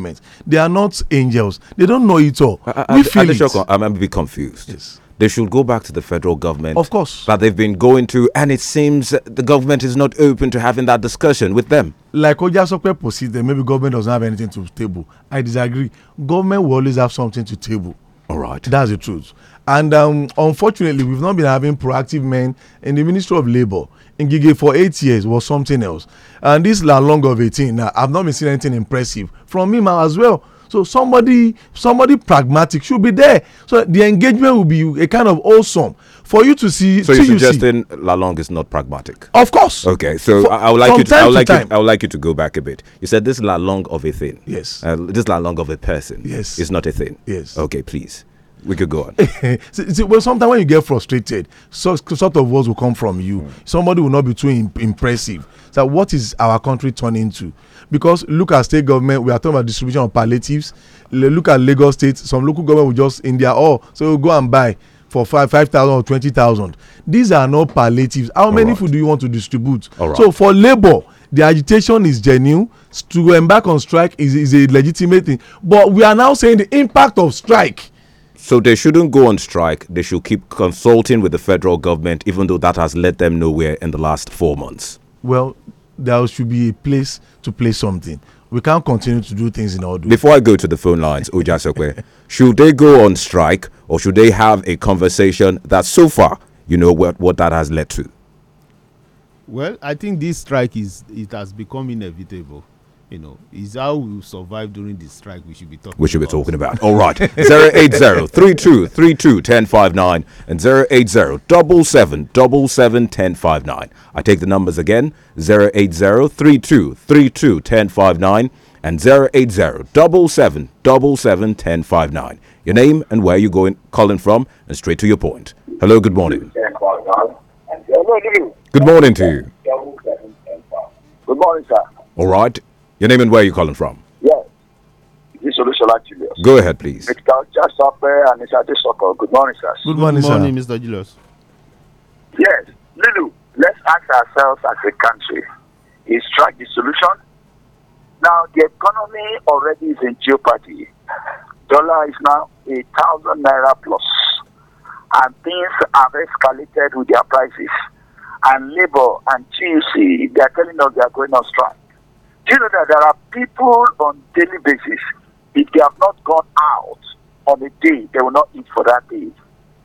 government. They are not angels. They don't know it all. I, I, we feel I, it. I'm, I'm a bit confused. Yes. They should go back to the federal government. Of course. That they've been going to, and it seems the government is not open to having that discussion with them. Like Ojasope proceeded, maybe government doesn't have anything to table. I disagree. Government will always have something to table. All right. That's the truth. And um, unfortunately, we've not been having proactive men in the Ministry of Labour Ngige for eight years was something else. And this la long of 18, now I've not been seeing anything impressive from him as well. So somebody, somebody pragmatic should be there. So the engagement will be a kind of awesome for you to see. So you're suggesting la long is not pragmatic? Of course. Okay, so for, I, would like you. To, I would like you, I would like you to go back a bit. You said this la long of a thing. Yes. Uh, this long of a person. Yes. Is not a thing. Yes. Okay, please. We could go on. see, see, well, sometimes when you get frustrated, so, sort of words will come from you. Mm. Somebody will not be too imp impressive. So, what is our country turning to? Because look at state government, we are talking about distribution of palliatives. Look at Lagos State, some local government will just in their all, oh, so we'll go and buy for five five thousand or twenty thousand. These are not palliatives. How all many right. food do you want to distribute? So for labour, the agitation is genuine. To embark on strike is, is a legitimate thing. But we are now saying the impact of strike so they shouldn't go on strike. They should keep consulting with the federal government, even though that has led them nowhere in the last four months. Well, there should be a place to play something. We can't continue to do things in order. Before I go to the phone lines, Ojasokwe, should they go on strike or should they have a conversation that so far, you know, what, what that has led to? Well, I think this strike is it has become inevitable you know, is how we survive during the strike we should be talking We should about. be talking about. alright zero three two three two ten five nine and zero eight zero double seven double seven ten five nine. I take the numbers again. Zero eight zero three two three two ten five nine and zero eight zero double seven double seven ten five nine. Your name and where you're going calling from and straight to your point. Hello, good morning. Good morning to you. Good morning, sir. All right. Your name and where you calling from? Yes, This is Julius. Go ahead, please. Mr. Jasape and Mr. Adesoko. Good morning, sir. Good morning, Good morning sir. Mr. Julius. Yes. Lulu, let's ask ourselves as a country is strike the solution? Now, the economy already is in jeopardy. Dollar is now a thousand naira plus, and things have escalated with their prices. And labor and TUC, they are telling us they are going on strike you know that there are people on daily basis, if they have not gone out on a day, they will not eat for that day.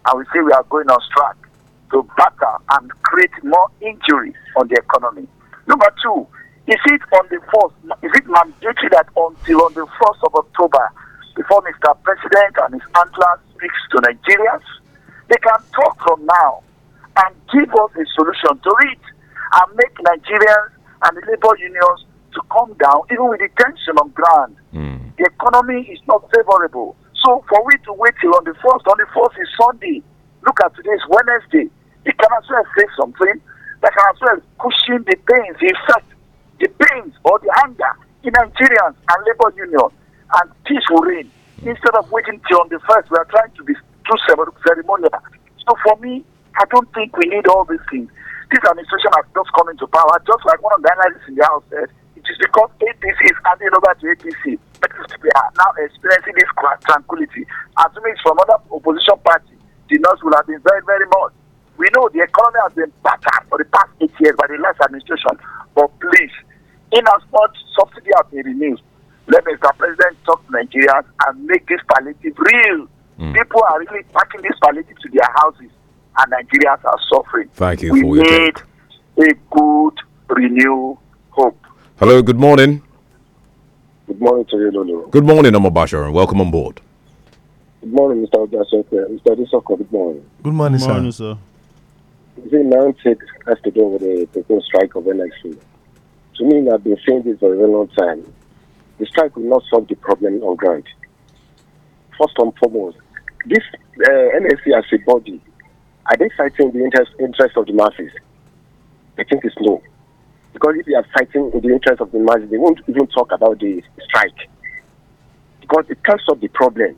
And we say we are going on strike to battle and create more injury on the economy. Number two, is it on the first? Is it mandatory that until on the first of October, before Mr. President and his antlers speaks to Nigerians, they can talk from now and give us a solution to it and make Nigerians and the labor unions to come down, even with the tension on ground. Mm. The economy is not favorable. So for we to wait till on the first, on the fourth, is Sunday. Look at today's Wednesday. He can as well say something. They can as well cushion the pains, the effect, the pains or the anger in Nigerians and labor union, and peace will reign. Hmm. Instead of waiting till on the first, we are trying to be too ceremonial. So for me, I don't think we need all these things. This administration has just come into power, just like one of the analysts in the House said. It is because APC is handing over to APC that is, we are now experiencing this tranquility. Assuming from other opposition parties, the loss will have been very, very much. We know the economy has been battered for the past eight years by the last administration, but please, in as much subsidy has been renewed, let Mr. President talk to Nigerians and make this palliative real. Mm. People are really packing this palliative to their houses, and Nigerians are suffering. Thank you we for your need a good, renewed hope. Hello, good morning. Good morning to you, Lulu. Good morning, Omobasha, and welcome on board. Good morning, Mr. Obasha. Mr. Disoko, good morning. Good morning, good morning sir. sir. The Nantic has to do with the proposed strike of NXT. To me, I've been saying this for a very long time. The strike will not solve the problem on ground. First and foremost, this uh, NSC as a body, are they citing the interest, interest of the masses? I think it's no. Because if they are fighting in the interest of the masses, they won't even talk about the strike. Because it can't solve the problem.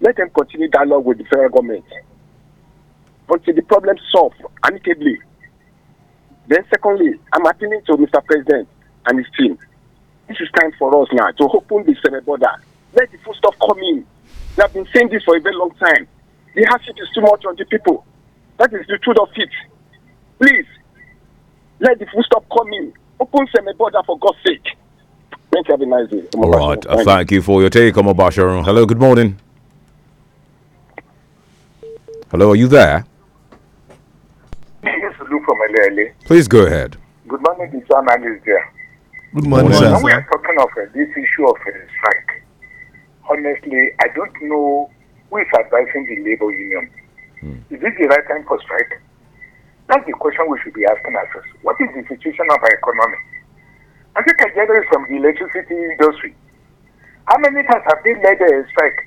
Let them continue dialogue with the federal government until the problem solved amicably. Then, secondly, I'm appealing to Mr. President and his team. This is time for us now to open the Senate border. Let the food stuff come in. We have been saying this for a very long time. The hardship is too much on the people. That is the truth of it. Please, let the food stop coming. Open semi border for God's sake. Thank you. Have a nice day. All right. Thank, Thank you. you for your take, Omobasharon. Hello. Good morning. Hello. Are you there? Please go ahead. Good morning, Mr. Analyst there. Good morning, we are talking of uh, this issue of uh, strike, honestly, I don't know who is advising the labor union. Hmm. Is this the right time for strike? That's the question we should be asking ourselves. What is the situation of our economy? I think I gather from the electricity industry. How many times have they led a strike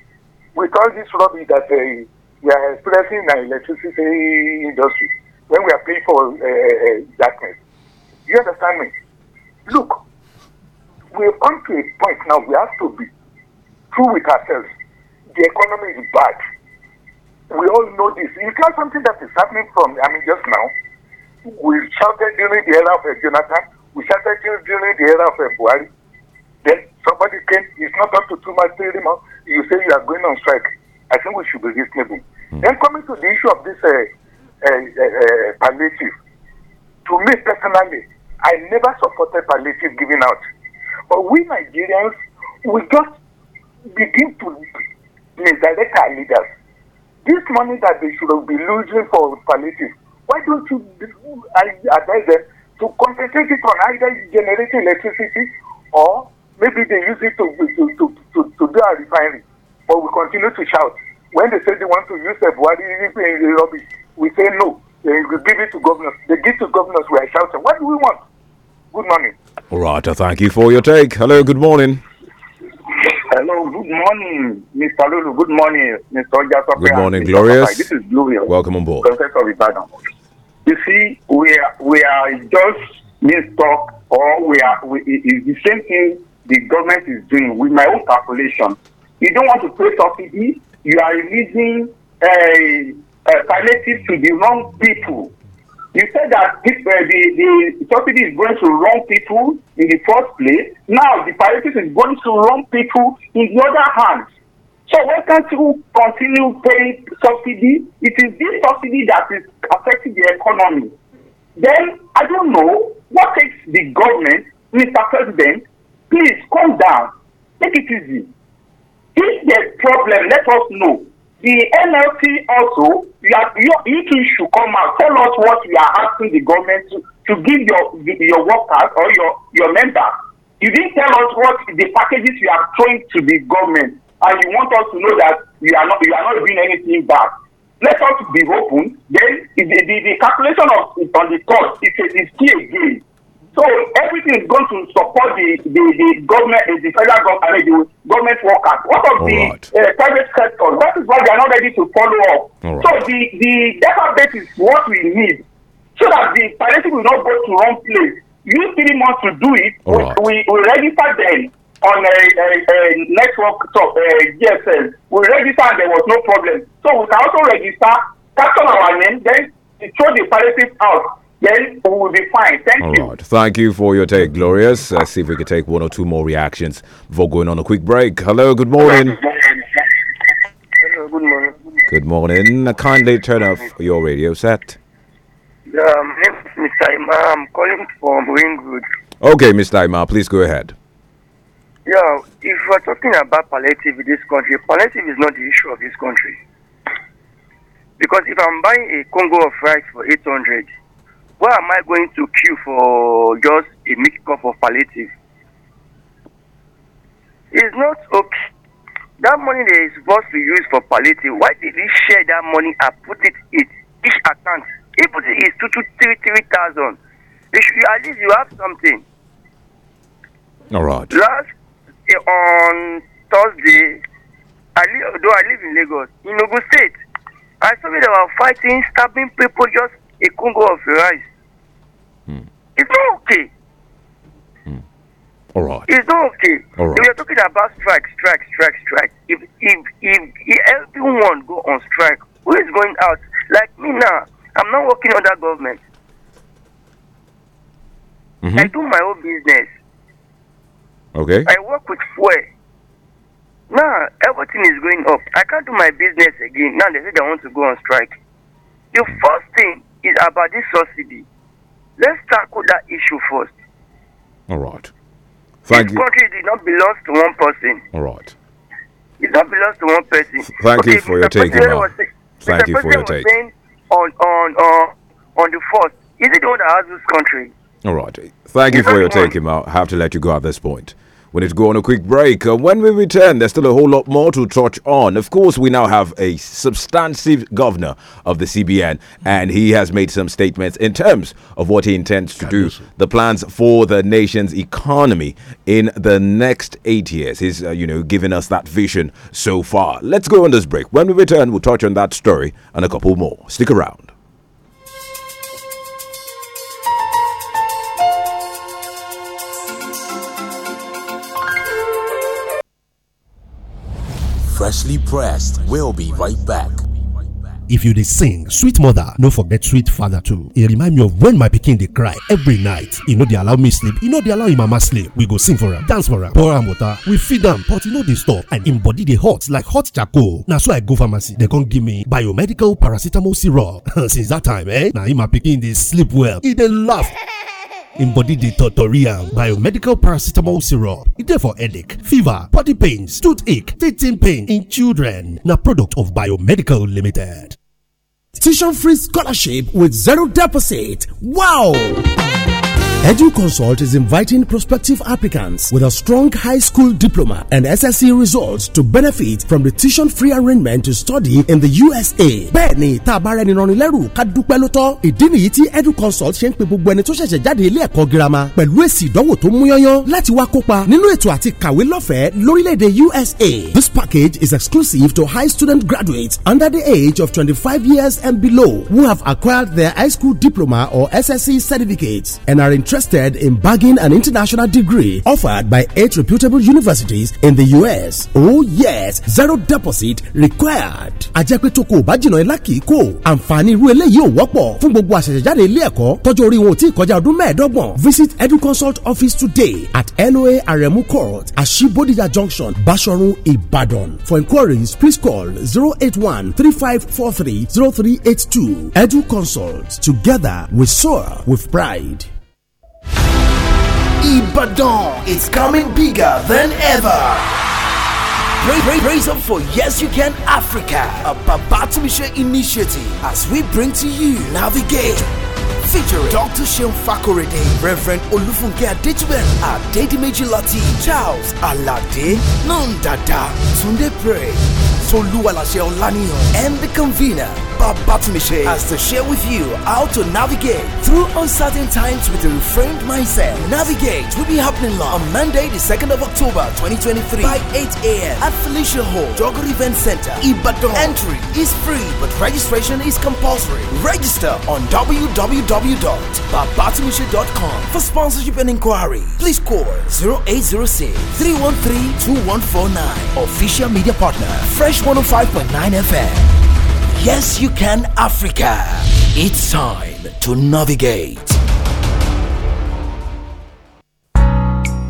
with all this rubbish that uh, we are experiencing in our electricity industry when we are paying for uh, uh darkness? You understand me? Look, we have come to a point now we have to be true with ourselves. The economy is bad we all know this. You not something that is happening from, I mean, just now. We shouted during the era of uh, Jonathan, we shouted during the era of uh, Buhari. Then somebody came, it's not up to two months, three months, you say you are going on strike. I think we should be reasonable. Mm. Then coming to the issue of this uh, uh, uh, uh, palliative, to me personally, I never supported palliative giving out. But we Nigerians, we just begin to misdirect our leaders this money that they should be losing for palliative, why don't you I advise them to concentrate it on either generating electricity or maybe they use it to, to, to, to, to do a refinery. But we continue to shout. When they say they want to use the body in rubbish, we say no. They give it to governors. They give to governors. We are shouting. What do we want? Good morning. All right. thank you for your take. Hello. Good morning. Hello, good morning, Mr. Lulu. Good morning, Mr. Jasper. Good morning, Glorious. This is Glorious. Welcome on board. Professor Ibadan. You see, we are, we are just mistook, or we are, we, it's the same thing the government is doing with my own calculation. You don't want to pay subsidy, you are releasing a a palliative to the wrong people. You said that this, uh, the, the subsidy is going to wrong people in the first place. Now the piracy is going to wrong people in the other hand. So why can't you continue paying subsidy? It is this subsidy that is affecting the economy. Then I don't know what takes the government, Mr. President, please calm down, make it easy. If there's problem, let us know the NLP also, you, are, you, you two should come out. Tell us what you are asking the government to, to give your your workers or your, your members. You didn't tell us what the packages you are throwing to the government, and you want us to know that you are not you are not doing anything bad. Let us be open. Then the, the, the calculation of on the cost is, is still a game. So everything is going to support the, the, the government, the federal government, the government workers. What of All the right. uh, private sector? That is why they are not ready to follow up. All so right. the, the database is what we need so that the palliative will not go to wrong place. You three months to do it. we, right. we, we register them on a, a, a network top, a We register and there was no problem. So we can also register, capture our name, then throw the palliative out. Yes, we will be fine. Thank All you. Right. Thank you for your take, Glorious. Let's see if we can take one or two more reactions before going on a quick break. Hello, good morning. morning. good morning. Good morning. Kindly turn off your radio set. Yeah, my um, name is Mr. Ima. I'm calling from Ringwood. Okay, Mr. Ima, please go ahead. Yeah, if we're talking about palliative in this country, palliative is not the issue of this country. Because if I'm buying a Congo of rice for 800, why am I going to queue for just a mix cup of palliative? It's not okay. That money they are supposed to use for palliative, why did they share that money and put it in each account? If it is two to three thousand, should at least you have something. All right. Last uh, on Thursday, I live, though I live in Lagos, in Ogun State, I saw they were fighting, stabbing people just a Congo of rice. Mm. It's not okay. Mm. All right. It's not okay. All right. We are talking about strike, strike, strike, strike. If, if if if everyone go on strike, who is going out? Like me now, I'm not working under government. Mm -hmm. I do my own business. Okay. I work with fuel. Now everything is going up. I can't do my business again. Now they say they want to go on strike. The first thing is about this subsidy. Let's tackle that issue first. All right. Thank this you. country did not belong to one person. All right. It not belong to one person. Thank okay, you for Mr. your take, Imam. Thank Mr. you President for your take. On on on on the fourth, is it the one that has this country? All right. Thank the you for your take, Imam. I have to let you go at this point. We need to go on a quick break. Uh, when we return, there's still a whole lot more to touch on. Of course, we now have a substantive governor of the CBN, and he has made some statements in terms of what he intends to do, the plans for the nation's economy in the next eight years. He's, uh, you know, given us that vision so far. Let's go on this break. When we return, we'll touch on that story and a couple more. Stick around. Freshly pressed. We'll be right back. If you dey sing, sweet mother, no forget sweet father too. It remind me of when my pikin dey cry every night. You know they allow me sleep, You know they allow im mama sleep. We go sing for her, dance for her, pour her water, we feed them, but you know they stop and embody body hot like hot charcoal. Now so I go pharmacy, dem not give me biomedical paracetamol syrup. Since that time, eh, Now hima my pikin dey sleep well, He dey laugh in body dey Biomedical paracetamol syrup It dey for headache, fever, body pains, toothache, teething pain in children na product of Biomedical Limited. Tuition free scholarship with zero deposit. Wow! EduConsult is inviting prospective applicants with a strong high school diploma and SSC results to benefit from the tuition-free arrangement to study in the USA. Bẹ́ẹ̀ni, tá a bá rẹni rọrin lẹ́rù ká dúpẹ́ ló tọ́. Ìdí nìyí tí EduConsult ṣe ń pe gbogbo ẹni tó ṣẹ̀ṣẹ̀ jáde ilé ẹ̀kọ́ girama pẹ̀lú èsì ìdánwò tó múyányán láti wá kópa nínú ètò àti kàwé lọ́fẹ̀ẹ́ lórílẹ̀-èdè USA. This package is exclusive to high student graduates under the age of 25 years and below who have acquired their high school diploma or SSC certificates and are interested interested in bagging an international degree offered by eight reputable universities in the US? Oh yes, zero deposit required. Àjẹpẹ́ tó kò bá jìnnà ilá kìí kò. Àǹfààní irú eléyìí ò wọ́pọ̀ fún gbogbo àṣẹ̀ṣẹ̀jáde ilé ẹ̀kọ́ tọ́jú orí wọn ò tí ì kọjá ọdún mẹ́ẹ̀ẹ́dọ́gbọ̀n. Visit Educonsult office today at LOA Aremu Court, Ashibodija Junction, Bashorun, Ibadan. For inquiries, please call 081 3543 0382. Edu Consult. Together we soar with pride. Ibadan is coming bigger than ever. Praise, praise, praise up for Yes You Can Africa, a Babatumisha initiative as we bring to you Navigate featuring Dr. Shem Fakorede, Reverend Olufunke Adetuben, Adedimeji Lati, Charles Alade, Nandada, Tunde Pray, Toluwalase Olaniyan, and the convener, Abba Batmiche has to share with you how to navigate through uncertain times with a reframed mindset. Navigate will be happening live on Monday, the 2nd of October 2023 by 8 a.m. at Felicia Hall, Jogger Event Center, Ibadan. Entry is free but registration is compulsory. Register on www.babatmiche.com for sponsorship and inquiry. Please call 0806 313 2149. Official media partner, Fresh 105.9 FM. Yes, you can, Africa. It's time to navigate.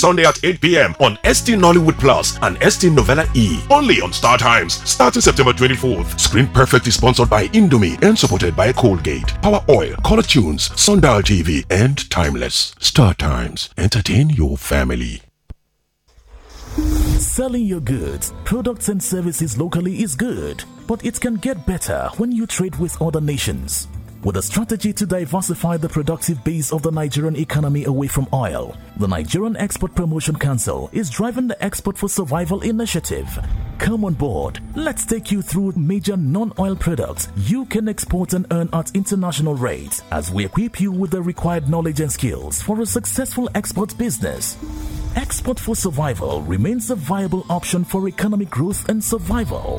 Sunday at 8 p.m. on ST Nollywood Plus and ST Novella E. Only on Star Times, starting September 24th. Screen Perfect is sponsored by Indomie and supported by Colgate, Power Oil, Color Tunes, Sundial TV, and Timeless. Star Times, entertain your family. Selling your goods, products, and services locally is good, but it can get better when you trade with other nations. With a strategy to diversify the productive base of the Nigerian economy away from oil, the Nigerian Export Promotion Council is driving the Export for Survival initiative. Come on board. Let's take you through major non oil products you can export and earn at international rates as we equip you with the required knowledge and skills for a successful export business. Export for Survival remains a viable option for economic growth and survival.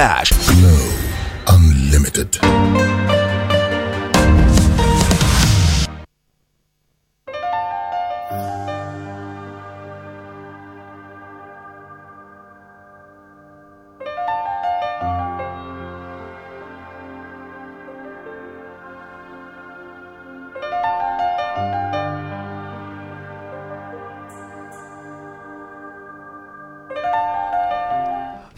hash. Glow Unlimited.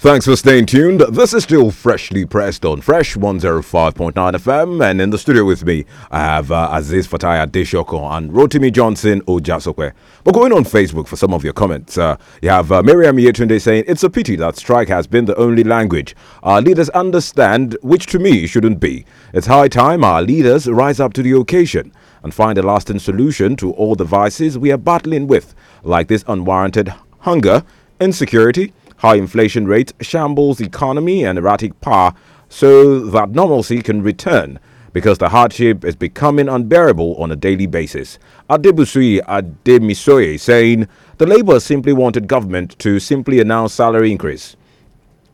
Thanks for staying tuned. This is still freshly pressed on Fresh 105.9 FM, and in the studio with me, I have uh, Aziz Fataya Deshoko and Rotimi Johnson Ojasokwe. We're going on Facebook for some of your comments. Uh, you have uh, Miriam Yetunde saying, It's a pity that strike has been the only language our leaders understand, which to me shouldn't be. It's high time our leaders rise up to the occasion and find a lasting solution to all the vices we are battling with, like this unwarranted hunger, insecurity, High inflation rate shambles economy, and erratic power so that normalcy can return because the hardship is becoming unbearable on a daily basis. Adebusui Ademisoye saying the Labour simply wanted government to simply announce salary increase,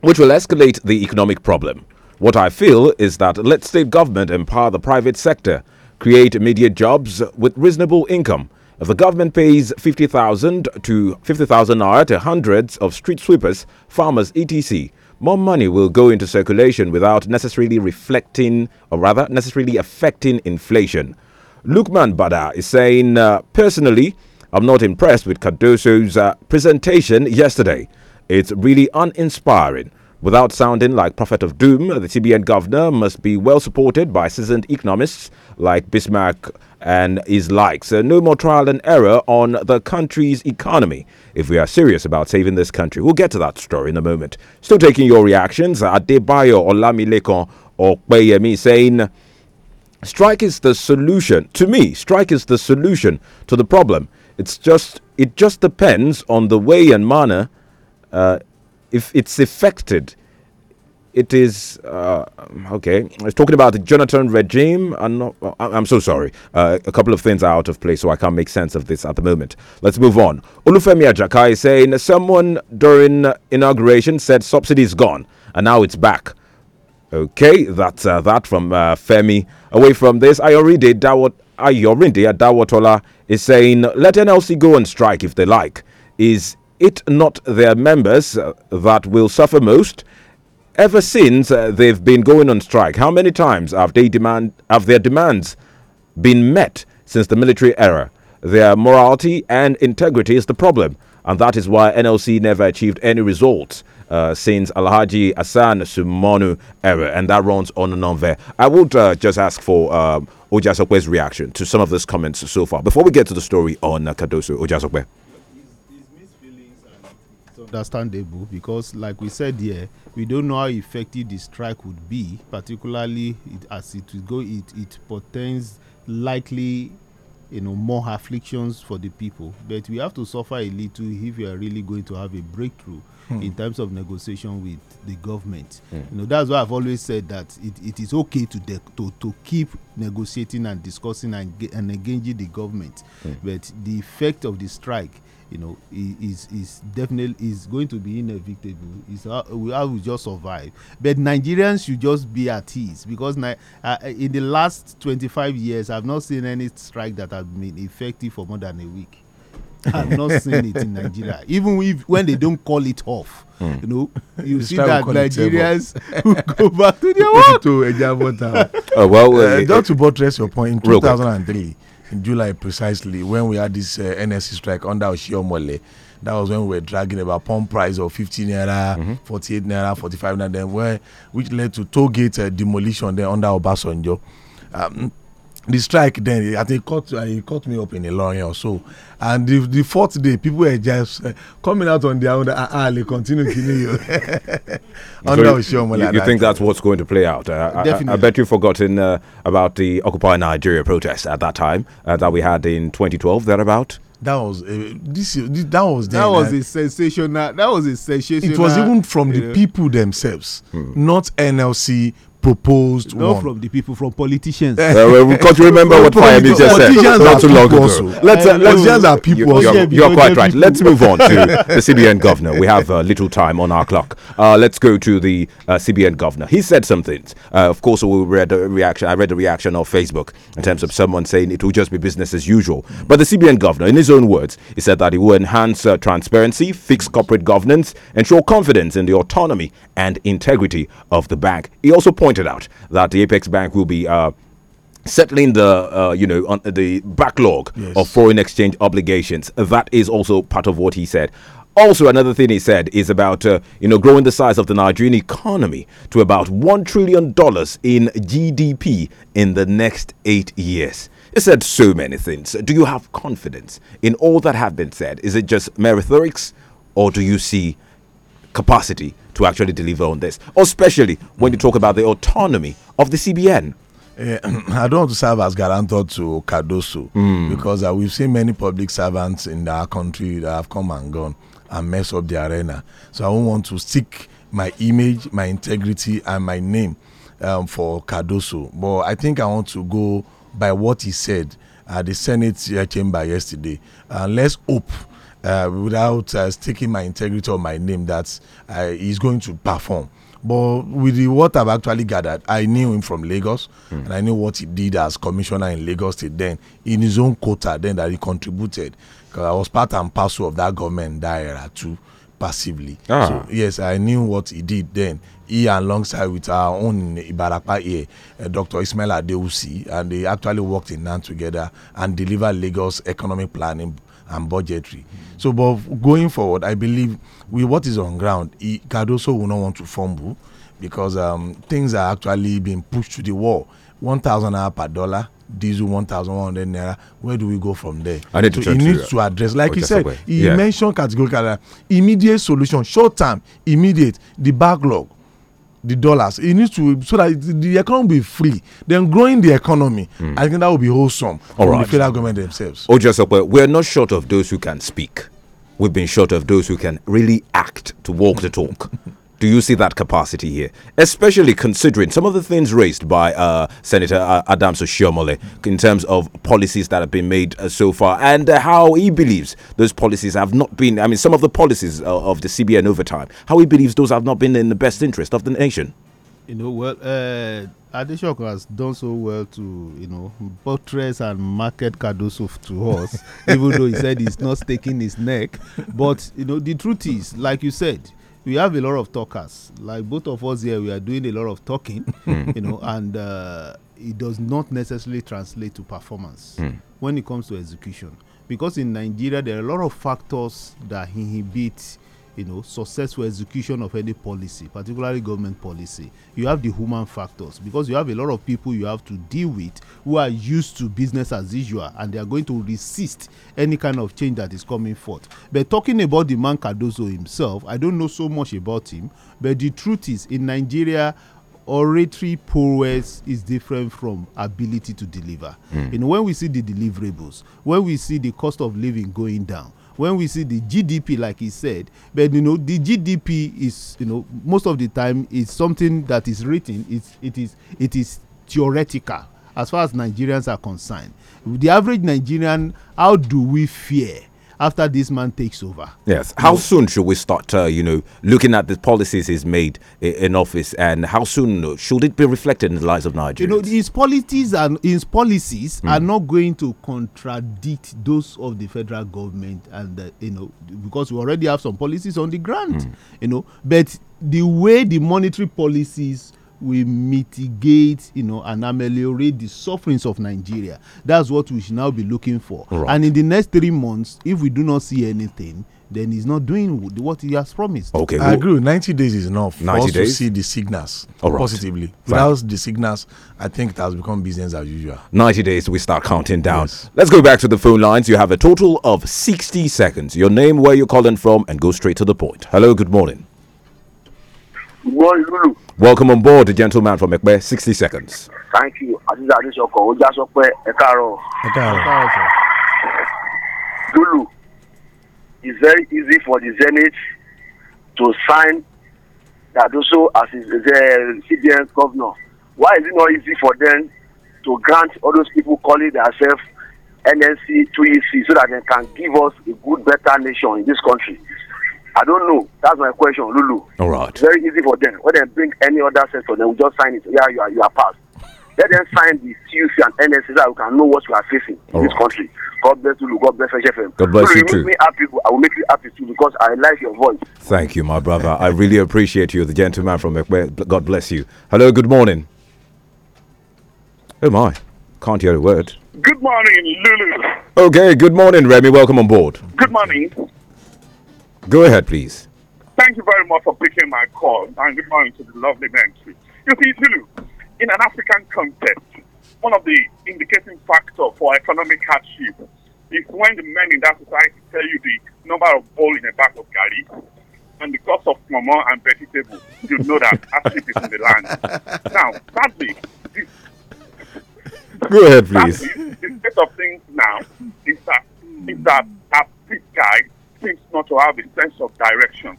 which will escalate the economic problem. What I feel is that let state government empower the private sector, create immediate jobs with reasonable income, the government pays 50,000 to 50,000 naira to hundreds of street sweepers, farmers, etc. More money will go into circulation without necessarily reflecting, or rather, necessarily affecting inflation. Lukman Bada is saying, uh, personally, I'm not impressed with Cardoso's uh, presentation yesterday. It's really uninspiring. Without sounding like prophet of doom, the TBN governor must be well supported by seasoned economists like Bismarck and is like. So, uh, no more trial and error on the country's economy if we are serious about saving this country. We'll get to that story in a moment. Still taking your reactions. Adebayo or Opeyemi saying, Strike is the solution. To me, strike is the solution to the problem. It's just it just depends on the way and manner uh, if it's effected it is uh, okay. It's talking about the Jonathan regime. I'm, not, I'm so sorry. Uh, a couple of things are out of place, so I can't make sense of this at the moment. Let's move on. Olufemi Ajaka is saying someone during inauguration said subsidy is gone, and now it's back. Okay, that's uh, that from uh, Femi. Away from this, Ayoride Dawot Ayorinde Dawotola is saying let NLC go on strike if they like. Is it not their members uh, that will suffer most? Ever since uh, they've been going on strike, how many times have they demand have their demands been met since the military era? Their morality and integrity is the problem, and that is why NLC never achieved any results. Uh, since Alhaji Hassan Sumonu era, and that runs on and on there. I would uh, just ask for um, Ojasokwe's reaction to some of these comments so far before we get to the story on uh, Kadoso Ojasokwe. understandable because, like we said here, we don't know how effective the strike would be, particularly it, as it will go, it, it portends likely you know more afflictions for the people but we have to suffer a little if we are really going to have a breakthrough hmm. in terms of negotiation with the government hmm. you know that's why i've always said that it, it is okay to, to to keep negotiating and discussing and, and engaging the government hmm. but the effect of the strike you know is is definitely is going to be inevitable is how we, we just survive but nigerians should just be at ease because uh, in the last 25 years i've not seen any strike that has been effective for more than a week i've not seen it in nigeria even if when they don't call it off mm. you know you the see that nigerians go back to their work uh, well uh, uh, buttress your point in 2003 in July precisely when we had this uh, NSC strike under Oshiomole. That was when we were dragging about pump price of 15 naira, mm-hmm. 48 naira, 45 naira, then where, which led to toll gate uh, demolition then under Obasanjo. Um, the strike then i think uh, he uh, caught me up in Ilorin or so and the the fourth day people were just uh, coming out on their own ah ah they continue killing you under so you, you think that's what's going to play out uh, Definitely. I, I, bet you've forgotten uh, about the occupy nigeria protest at that time uh, that we had in 2012 thereabout that was uh, this, this, that was that was uh, a sensational that was a sensational it was even from the know. people themselves hmm. not nlc proposed not one. from the people from politicians eh, well, because remember what Fayemi just said not too long ago also. let's uh, politicians are people you, are you're quite right let's move on to the CBN governor we have uh, little time on our clock uh, let's go to the uh, CBN governor he said some things uh, of course we read a reaction I read the reaction on Facebook in terms of someone saying it will just be business as usual but the CBN governor in his own words he said that he will enhance uh, transparency fix corporate governance ensure confidence in the autonomy and integrity of the bank he also pointed pointed out that the Apex Bank will be uh, settling the uh, you know on the backlog yes. of foreign exchange obligations. That is also part of what he said. Also, another thing he said is about uh, you know growing the size of the Nigerian economy to about one trillion dollars in GDP in the next eight years. He said so many things. Do you have confidence in all that have been said? Is it just meritorics, or do you see capacity to actually deliver on this, especially when you talk about the autonomy of the CBN. Uh, eh, I don't want to serve as guarantor to Cardoso mm. because uh, we've seen many public servants in our country that have come and gone and mess up the arena. So I do not want to stick my image, my integrity, and my name um, for Cardoso. But I think I want to go by what he said at the Senate uh, chamber yesterday. Uh, let's hope uh, without uh, my integrity or my name that uh, he's going to perform. But with the, what I've actually gathered, I knew him from Lagos, mm. and I knew what he did as commissioner in Lagos State then, in his own quota then that he contributed. Because I was part and parcel of that government that too, passively. Ah. So yes, I knew what he did then. He alongside with our own Ibarapa here, uh, Dr. Ismail Adeusi, and they actually worked in NAN together and delivered Lagos economic planning and budgetary. So, but going forward, I believe with what is on ground, Cardoso will not want to fumble because um, things are actually being pushed to the wall. 1,000 naira per dollar, diesel 1,100 naira. Where do we go from there? I need so to he needs to, to address, like he said, he yeah. mentioned categorical uh, immediate solution, short term, immediate, the backlog the dollars it needs to so that the economy be free then growing the economy mm. i think that will be wholesome All from right. the federal government themselves ojosope oh, we're not short of those who can speak we've been short of those who can really act to walk the talk Do you see that capacity here, especially considering some of the things raised by uh, Senator uh, Adams Oshiomole in terms of policies that have been made uh, so far and uh, how he believes those policies have not been, I mean, some of the policies uh, of the CBN over time, how he believes those have not been in the best interest of the nation? You know, well, uh, Adeshok has done so well to, you know, buttress and market Cardoso to us, even though he said he's not staking his neck. But, you know, the truth is, like you said, we have a lot of talkers. Like both of us here, we are doing a lot of talking, hmm. you know, and uh, it does not necessarily translate to performance mm. when it comes to execution. Because in Nigeria, there are a lot of factors that inhibit you know successful execution of any policy particularly government policy you have the human factors because you have a lot of people you have to deal with who are used to business as usual and they are going to resist any kind of change that is coming forth but talking about the man cardoso himself i don't know so much about him but the truth is in nigeria oratory prowess is different from ability to deliver. Mm. You know, when we see the deliverables, when we see the cost of living going down, when we see the gdp like he said but you know the gdp is you know most of the time is something that is written it's it is it is theoretical as far as nigerians are concerned the average nigerian how do we fear? after this man takes over. Yes. How soon should we start, uh, you know, looking at the policies he's made in office, and how soon should it be reflected in the lives of Nigerians? You know, his policies and his policies mm. are not going to contradict those of the federal government, and uh, you know, because we already have some policies on the ground, mm. you know, but the way the monetary policies we mitigate you know and ameliorate the sufferings of nigeria that's what we should now be looking for right. and in the next three months if we do not see anything then he's not doing what he has promised okay i agree 90 days is enough 90 for us days? to see the signals right. positively without Fine. the signals i think it has become business as usual 90 days we start counting down yes. let's go back to the phone lines you have a total of 60 seconds your name where you're calling from and go straight to the point hello good morning Lulu. Welcome on board, the gentleman from Ekpe. 60 seconds. Thank you. Aziz Adesoko, Oja sọ pé ẹ káàárọ̀. Ẹ káàárọ̀. Lulu, it's very easy for the Zenith to sign Dadoso as the uh, CBN governor. Why is it not easy for them to grant all those people calling themselves NNC 2EC so that they can give us a good, better nation in this country? I don't know. That's my question, Lulu. All right. It's very easy for them. When they bring any other sensor, they will just sign it. Yeah, you are, you are passed. Let them sign the CUC and NSC that we can know what we are facing All in right. this country. God bless you. God bless HFM. God bless you, you too. Make me happy. I will make you happy too because I like your voice. Thank you, my brother. I really appreciate you, the gentleman from McBeth. God bless you. Hello. Good morning. Oh my, can't hear a word. Good morning, Lulu. Okay. Good morning, Remy. Welcome on board. Good morning. Go ahead, please. Thank you very much for picking my call and good morning to the lovely men. You see, Lulu, in an African context, one of the indicating factors for economic hardship is when the men in that society tell you the number of bowl in a bag of gari and the cost of mama and vegetable, you know that hardship is in the land. Now, sadly, this, go ahead, please. Sadly, the state of things now is that is that, that guy seems not to have a sense of direction.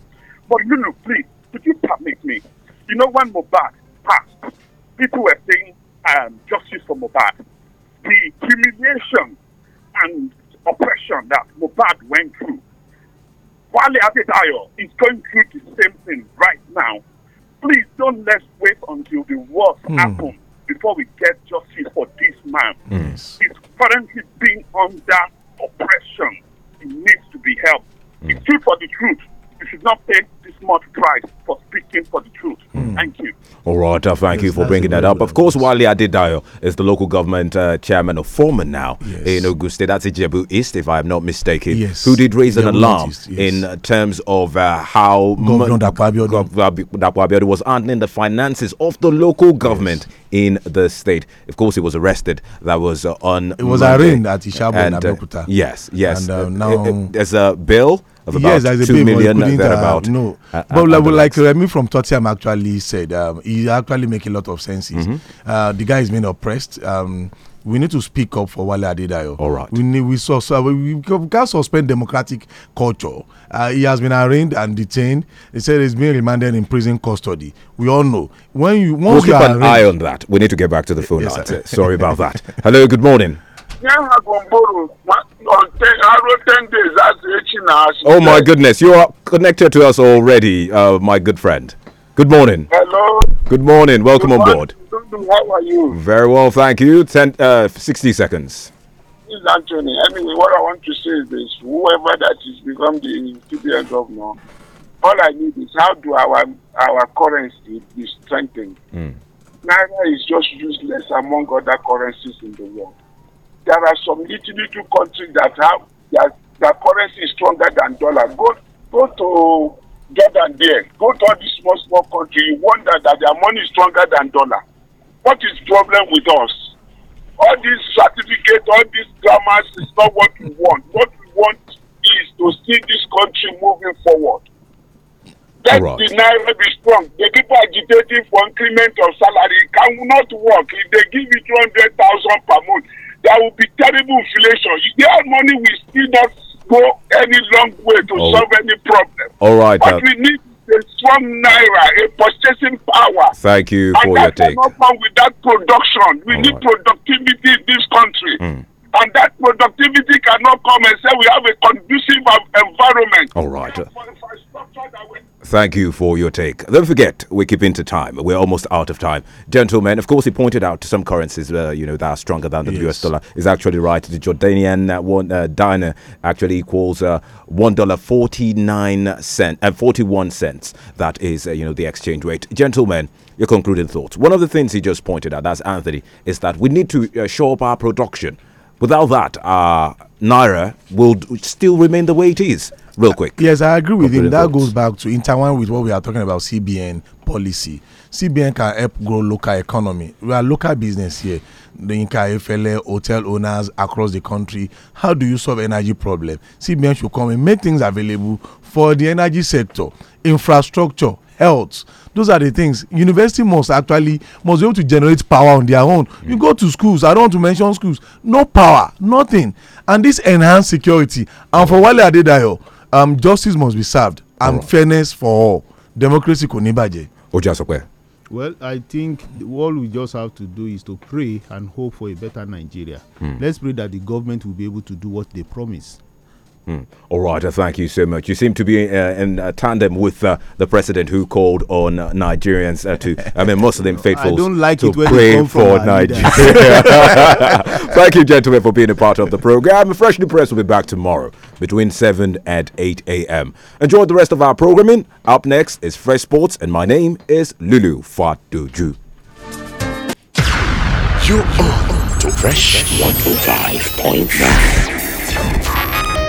But Lulu, please, could you permit me? You know, when Mubarak passed, people were saying um, justice for Mubarak. The humiliation and oppression that Mubarak went through, Wale Adedayo is going through the same thing right now. Please don't let's wait until the worst mm. happens before we get justice for this man. Yes. He's currently being under oppression it needs to be helped. Mm. He stood for the truth you should not pay this much price for speaking for the truth. Mm. Thank you. All right, uh, thank yes, you for bringing that up. Of course, Wale Adedayo is the local government uh, chairman or Foreman now yes. in Ogun State. That's Ijebu East, if I am not mistaken. Yes. Who did raise an alarm in uh, terms of uh, how Governor uh, was handling the finances of the local government in the state. Of course, he was arrested. That was uh, on. It was Monday. arraigned at Ishabu and, and Yes, yes. And um, now there's a bill of about yes, two babe, million uh, thereabout. Uh, no, uh, but like, like Remy from Tottenham actually said, um, he actually make a lot of sense. Mm -hmm. uh, the guy is being oppressed. Um, we need to speak up for Wale Adedayo. All right. We need, we, so, so uh, we, we can't suspend democratic culture. Uh, he has been arraigned and detained. He said he's being remanded in prison custody. We all know. When you once we'll keep an eye on that. We need to get back to the phone yes, uh, Sorry about that. Hello. Good morning. Oh my goodness, you are connected to us already, uh, my good friend. Good morning. Hello. Good morning. Welcome good on board. How are you? Very well, thank you. 10, uh, 60 seconds. This is Anthony. Anyway, what I want to say is this whoever that is become the TBN governor, all I need is how do our our currency be strengthened? Mm. Naira is just useless among other currencies in the world there are some little little countries that have their, their currency is stronger than dollar. Go go to Jordan there. Go to all these small small countries. You wonder that their money is stronger than dollar. What is problem with us? All these certificates, all these dramas is not what we want. What we want is to see this country moving forward. Let right. the naira be strong. The people agitating for increment of salary cannot work. If they give you two hundred thousand per month, there will be terrible inflation. Their money will still not go any long way to oh. solve any problem. All right. But uh, we need a strong naira, a purchasing power. Thank you and for your take. And that cannot come without production. We All need right. productivity in this country. Mm. And that productivity cannot come and say we have a conducive environment. All right. Thank you for your take. Don't forget, we keep into time. We're almost out of time. Gentlemen, of course, he pointed out some currencies, uh, you know, that are stronger than the yes. US dollar. Is actually right. The Jordanian uh, one, uh, diner actually equals uh, $1.49 cent, and uh, 41 cents. That is, uh, you know, the exchange rate. Gentlemen, your concluding thoughts. One of the things he just pointed out, that's Anthony, is that we need to uh, shore up our production Without that, uh, Naira will still remain the way it is. Real quick. Yes, I agree with him. That goes back to in Taiwan with what we are talking about CBN policy. CBN can help grow local economy. We are local business here. The Inca FLA, hotel owners across the country. How do you solve energy problem? CBN should come and make things available for the energy sector, infrastructure, health those are the things university must actually must be able to generate power on their own mm. you go to schools i don't want to mention schools no power nothing and this enhanced security and for wale adedayo um, justice must be served and right. fairness for all democracy kò ní bàjẹ́. ó àsọpẹ́. Well, I think all we just have to do is to pray and hope for a better Nigeria. Mm. Let's pray that the government will be able to do what they promise. Mm. All right, uh, thank you so much. You seem to be uh, in uh, tandem with uh, the president who called on uh, Nigerians uh, to, I mean, Muslim faithful like to pray for Nigeria. thank you, gentlemen, for being a part of the program. Freshly Press will be back tomorrow between 7 and 8 a.m. Enjoy the rest of our programming. Up next is Fresh Sports, and my name is Lulu Fatuju. You are on to Fresh 105.9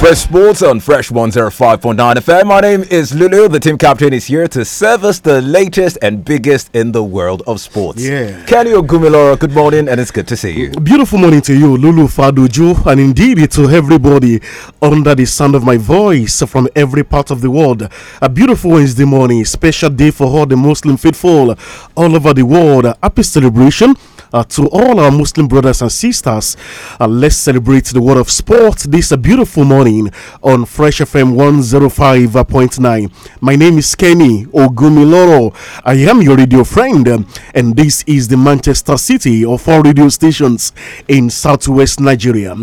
Fresh Sports on Fresh 105.9 FM. My name is Lulu. The team captain is here to service the latest and biggest in the world of sports. Yeah. Kenny Ogumiloro, good morning and it's good to see you. Beautiful morning to you, Lulu Faduju, and indeed to everybody under the sound of my voice from every part of the world. A beautiful Wednesday morning, special day for all the Muslim faithful all over the world. Happy celebration uh, to all our Muslim brothers and sisters. Uh, let's celebrate the world of sport this uh, beautiful morning on Fresh FM 105.9. My name is Kenny Ogumiloro. I am your radio friend, um, and this is the Manchester City of all radio stations in southwest Nigeria.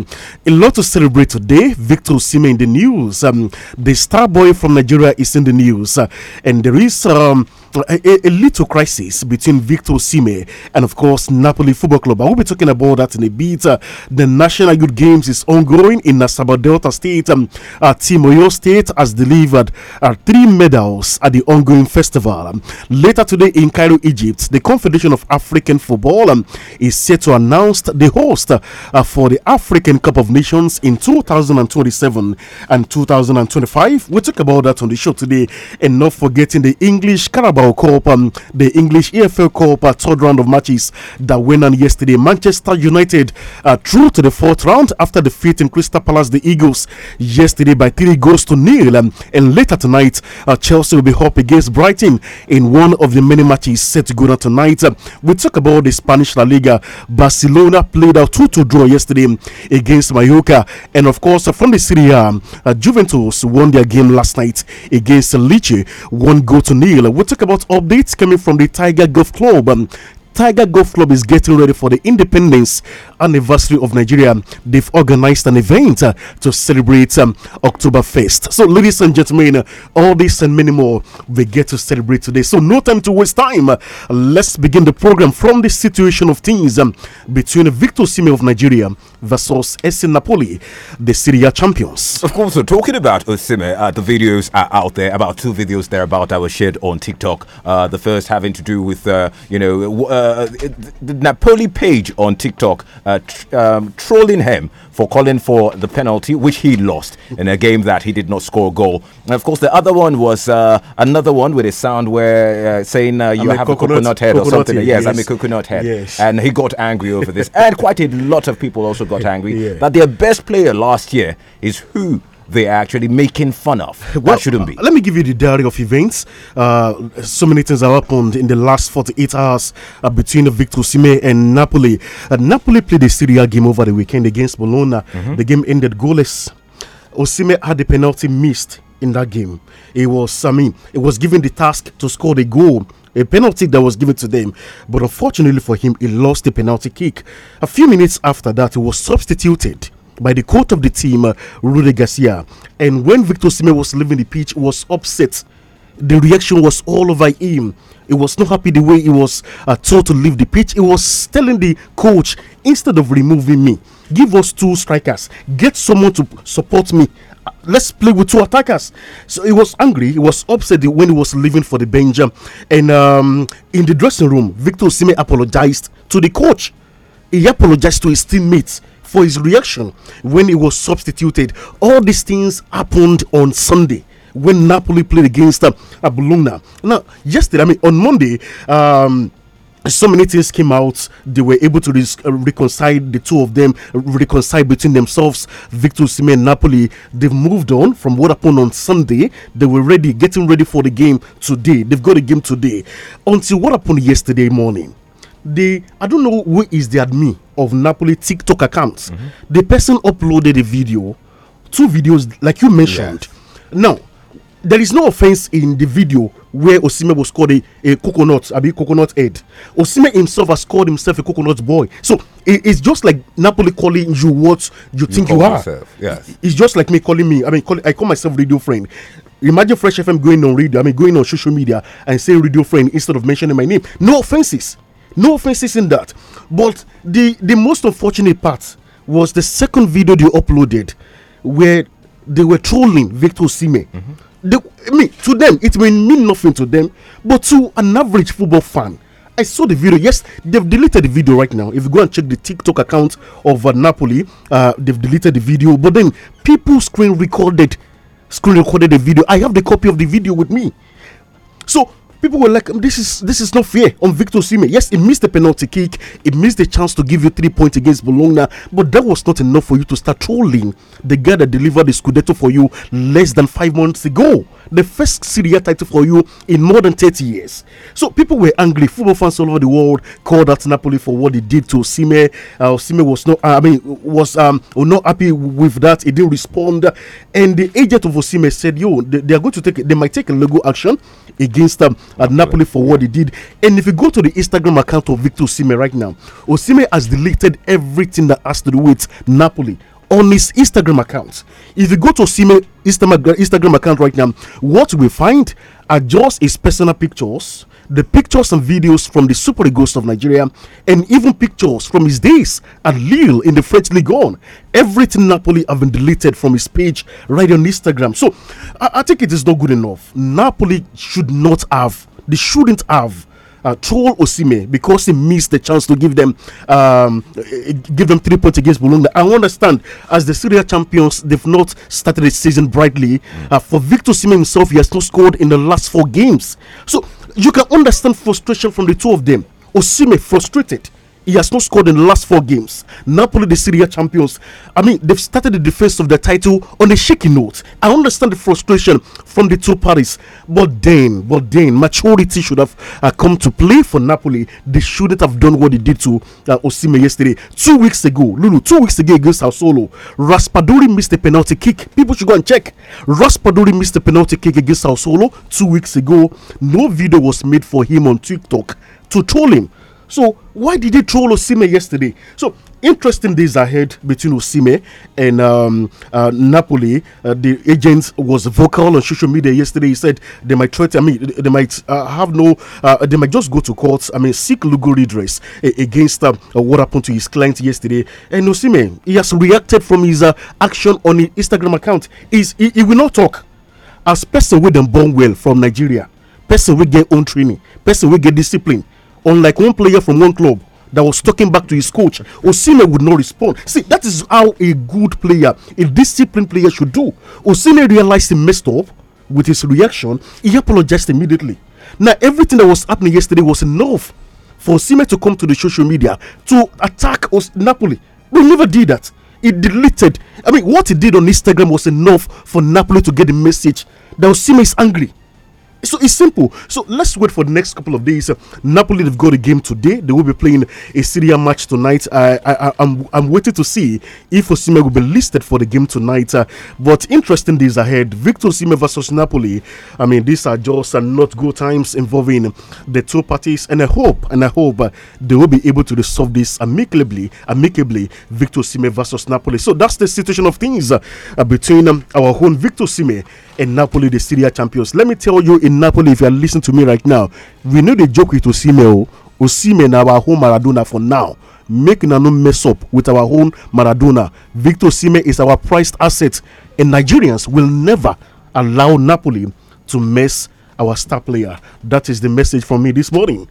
A lot to celebrate today. Victor Sima in the news. Um, the star boy from Nigeria is in the news, uh, and there is. Um, a, a, little crisis between Victor Sime and, of course, Napoli Football Club. I will be talking about that in a bit. Uh, the National Youth Games is ongoing in Nasaba Delta State. Um, uh, Team Oyo State has delivered uh, three medals at the ongoing festival. Um, later today in Cairo, Egypt, the Confederation of African Football um, is set to announce the host uh, for the African Cup of Nations in 2027 and 2025. We'll talk about that on the show today, and not forgetting the English Carabao EFL Cup, um, the English EFL Cup uh, third round of matches that went on yesterday. Manchester United uh, through to the fourth round after defeat in Crystal Palace the Eagles yesterday by three goals to nil. Um, and later tonight, uh, Chelsea will be up against Brighton in one of the many matches set to go on tonight. Uh, we talk about the Spanish La Liga. Barcelona played out 2 to draw yesterday against Mallorca. And of course, uh, from the Serie A, uh, Juventus won their game last night against Lecce, one goal to nil. We'll talk about about updates coming from the Tiger Golf Club. Um, Tiger Golf Club is getting ready for the independence anniversary of Nigeria. They've organized an event uh, to celebrate um, October 1st. So, ladies and gentlemen, all this and many more we get to celebrate today. So, no time to waste time. Uh, let's begin the program from the situation of things um, between Victor Sime of Nigeria versus SC Napoli, the Serie champions. Of course, we're talking about Osime. Uh, the videos are out there, about two videos there about our shared on TikTok. Uh, the first having to do with, uh, you know, uh, Napoli page on TikTok uh, tr um, trolling him for calling for the penalty, which he lost in a game that he did not score a goal. And of course, the other one was uh, another one with a sound where saying you have a coconut, coconut head coconut or something. yes, yes, I'm a coconut head. Yes. And he got angry over this. and quite a lot of people also got angry yeah. that their best player last year is who they're actually making fun of. Well, shouldn't uh, be. Let me give you the diary of events. Uh, so many things have happened in the last 48 hours uh, between Victor Sime and Napoli. Uh, Napoli played a Serie A game over the weekend against Bologna. Mm -hmm. The game ended goalless. Osime had the penalty missed in that game. It was, I mean, it was given the task to score the goal a penalty that was given to them. But unfortunately for him, he lost the penalty kick. A few minutes after that, he was substituted by the coach of the team, uh, Rudy Garcia. And when Victor Sime was leaving the pitch, was upset. The reaction was all over him. He was not happy the way he was uh, told to leave the pitch. He was telling the coach, instead of removing me, give us two strikers, get someone to support me. Uh, let's play with two attackers. So he was angry. He was upset when he was leaving for the bench. And um, in the dressing room, Victor Sime apologized to the coach. He apologized to his teammates for his reaction when he was substituted. All these things happened on Sunday when Napoli played against uh, Bologna. Now, yesterday, I mean, on Monday, um, so many things came out. They were able to uh, reconcile the two of them, reconcile between themselves. Victor Sime and Napoli, they've moved on from what happened on Sunday. They were ready, getting ready for the game today. They've got a game today. Until what happened yesterday morning the I don't know who is the admin of Napoli TikTok accounts. Mm -hmm. The person uploaded a video, two videos like you mentioned. Yes. Now, there is no offense in the video where Osime was called a, a coconut, a big coconut head. Osime himself has called himself a coconut boy. So it, it's just like Napoli calling you what you, you think you are. Yourself, yes. It's just like me calling me. I mean, call, I call myself radio friend. Imagine Fresh FM going on radio. I mean, going on social media and say radio friend instead of mentioning my name. No offenses. No offenses in that. But the, the most unfortunate part was the second video they uploaded where they were trolling Victor Sime. Mm -hmm. They, I mean, to them, it may mean nothing to them, but to an average football fan, I saw the video. Yes, they've deleted the video right now. If you go and check the TikTok account of uh, Napoli, uh, they've deleted the video. But then people screen recorded, screen recorded the video. I have the copy of the video with me. So people were like, "This is this is not fair." On Victor Sime, yes, he missed the penalty kick, he missed the chance to give you three points against Bologna, but that was not enough for you to start trolling the guy that delivered the Scudetto for you less than five months ago, the first Serie A title for you in more than thirty years. So people were angry. Football fans all over the world called out Napoli for what they did to Sime. Uh, Sime was not, uh, I mean, was um not happy with that. He didn't respond, and the agent of Osime said, "Yo, they, they, are going to take, they might take a legal action against." Um, at Napoli for what he did. And if you go to the Instagram account of Victor Osime right now, Osime has deleted everything that has to do with Napoli on his Instagram account. If you go to Osime Instagram account right now, what we find are just his personal pictures the pictures and videos from the Super Eagles of Nigeria, and even pictures from his days at Lille in the French League One. Everything Napoli have been deleted from his page right on Instagram. So I, I think it is not good enough. Napoli should not have, they shouldn't have uh, troll Osime because he missed the chance to give them um, give them three points against Bologna. I understand as the Syria champions, they've not started the season brightly. Mm. Uh, for Victor Osime himself, he has not scored in the last four games. So you can understand frustration from the two of them. Osime frustrated. He has not scored in the last four games. Napoli, the Serie A champions. I mean, they've started the defense of the title on a shaky note. I understand the frustration from the two parties, but then, but then, maturity should have uh, come to play for Napoli. They shouldn't have done what they did to uh, Osime yesterday. Two weeks ago, Lulu, two weeks ago against our solo, Raspadori missed a penalty kick. People should go and check. Raspadori missed a penalty kick against our solo two weeks ago. No video was made for him on TikTok to troll him. So why did they troll Osime yesterday? So interesting days ahead between Osime and um, uh, Napoli. Uh, the agent was vocal on social media yesterday. He said they might threaten. I mean, they might uh, have no. Uh, they might just go to court. I mean, seek legal redress against um, uh, what happened to his client yesterday. And Osime, he has reacted from his uh, action on his Instagram account. Is he, he will not talk as person with them born well from Nigeria, person will get own training, person will get discipline unlike one player from one club that was talking back to his coach. Osine would not respond. See, that is how a good player, a disciplined player should do. Osine realized he messed up with his reaction. He apologized immediately. Now, everything that was happening yesterday was enough for Osime to come to the social media to attack Os Napoli. We never did that. He deleted. I mean, what he did on Instagram was enough for Napoli to get the message that Osime is angry. So it's simple. So let's wait for the next couple of days. Uh, Napoli they've got a game today. They will be playing a Syria match tonight. I, I I'm I'm waiting to see if Osimhen will be listed for the game tonight. Uh, but interesting days ahead. Victor Osimhen versus Napoli. I mean, these are just uh, not good times involving the two parties. And I hope and I hope uh, they will be able to resolve this amicably. Amicably, Victor Osimhen versus Napoli. So that's the situation of things uh, between um, our own Victor Osimhen and Napoli the Serie A champions. Let me tell you, in Napoli, if you are listening to me right now, we know the joke with Osimhen. Oh. now our home Maradona for now. Make no mess up with our own Maradona. Victor Sime is our prized asset, and Nigerians will never allow Napoli to mess our star player. That is the message from me this morning.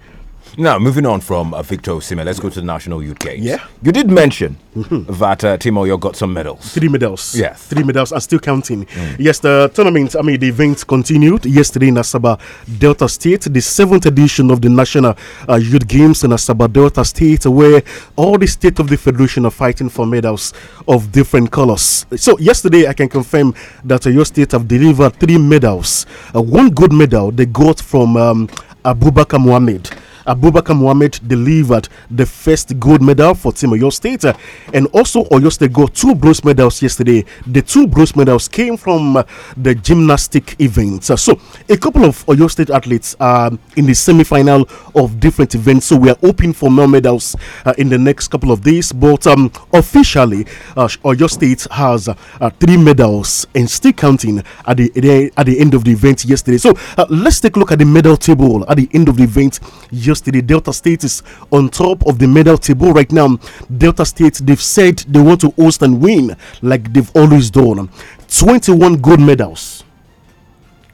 Now, moving on from uh, Victor Osimhen, let's go to the National Youth Games. Yeah. You did mention mm -hmm. that uh, you Oyo got some medals. Three medals. Yeah. Three medals and still counting. Mm. Yes, the tournament, I mean, the event continued yesterday in Asaba Delta State, the seventh edition of the National uh, Youth Games in Asaba Delta State, where all the state of the federation are fighting for medals of different colors. So, yesterday, I can confirm that uh, your State have delivered three medals. Uh, one gold medal they got from um, Abubakar Muhammad. Abubakar Mohammed delivered the first gold medal for Team Oyo State. And also, Oyo State got two bronze medals yesterday. The two bronze medals came from the gymnastic events. So, a couple of Oyo State athletes are in the semi final of different events. So, we are hoping for more medals uh, in the next couple of days. But um, officially, uh, Oyo State has uh, three medals and still counting at the, at the end of the event yesterday. So, uh, let's take a look at the medal table at the end of the event yesterday to the Delta State is on top of the medal table right now. Delta State, they've said they want to host and win like they've always done. 21 gold medals.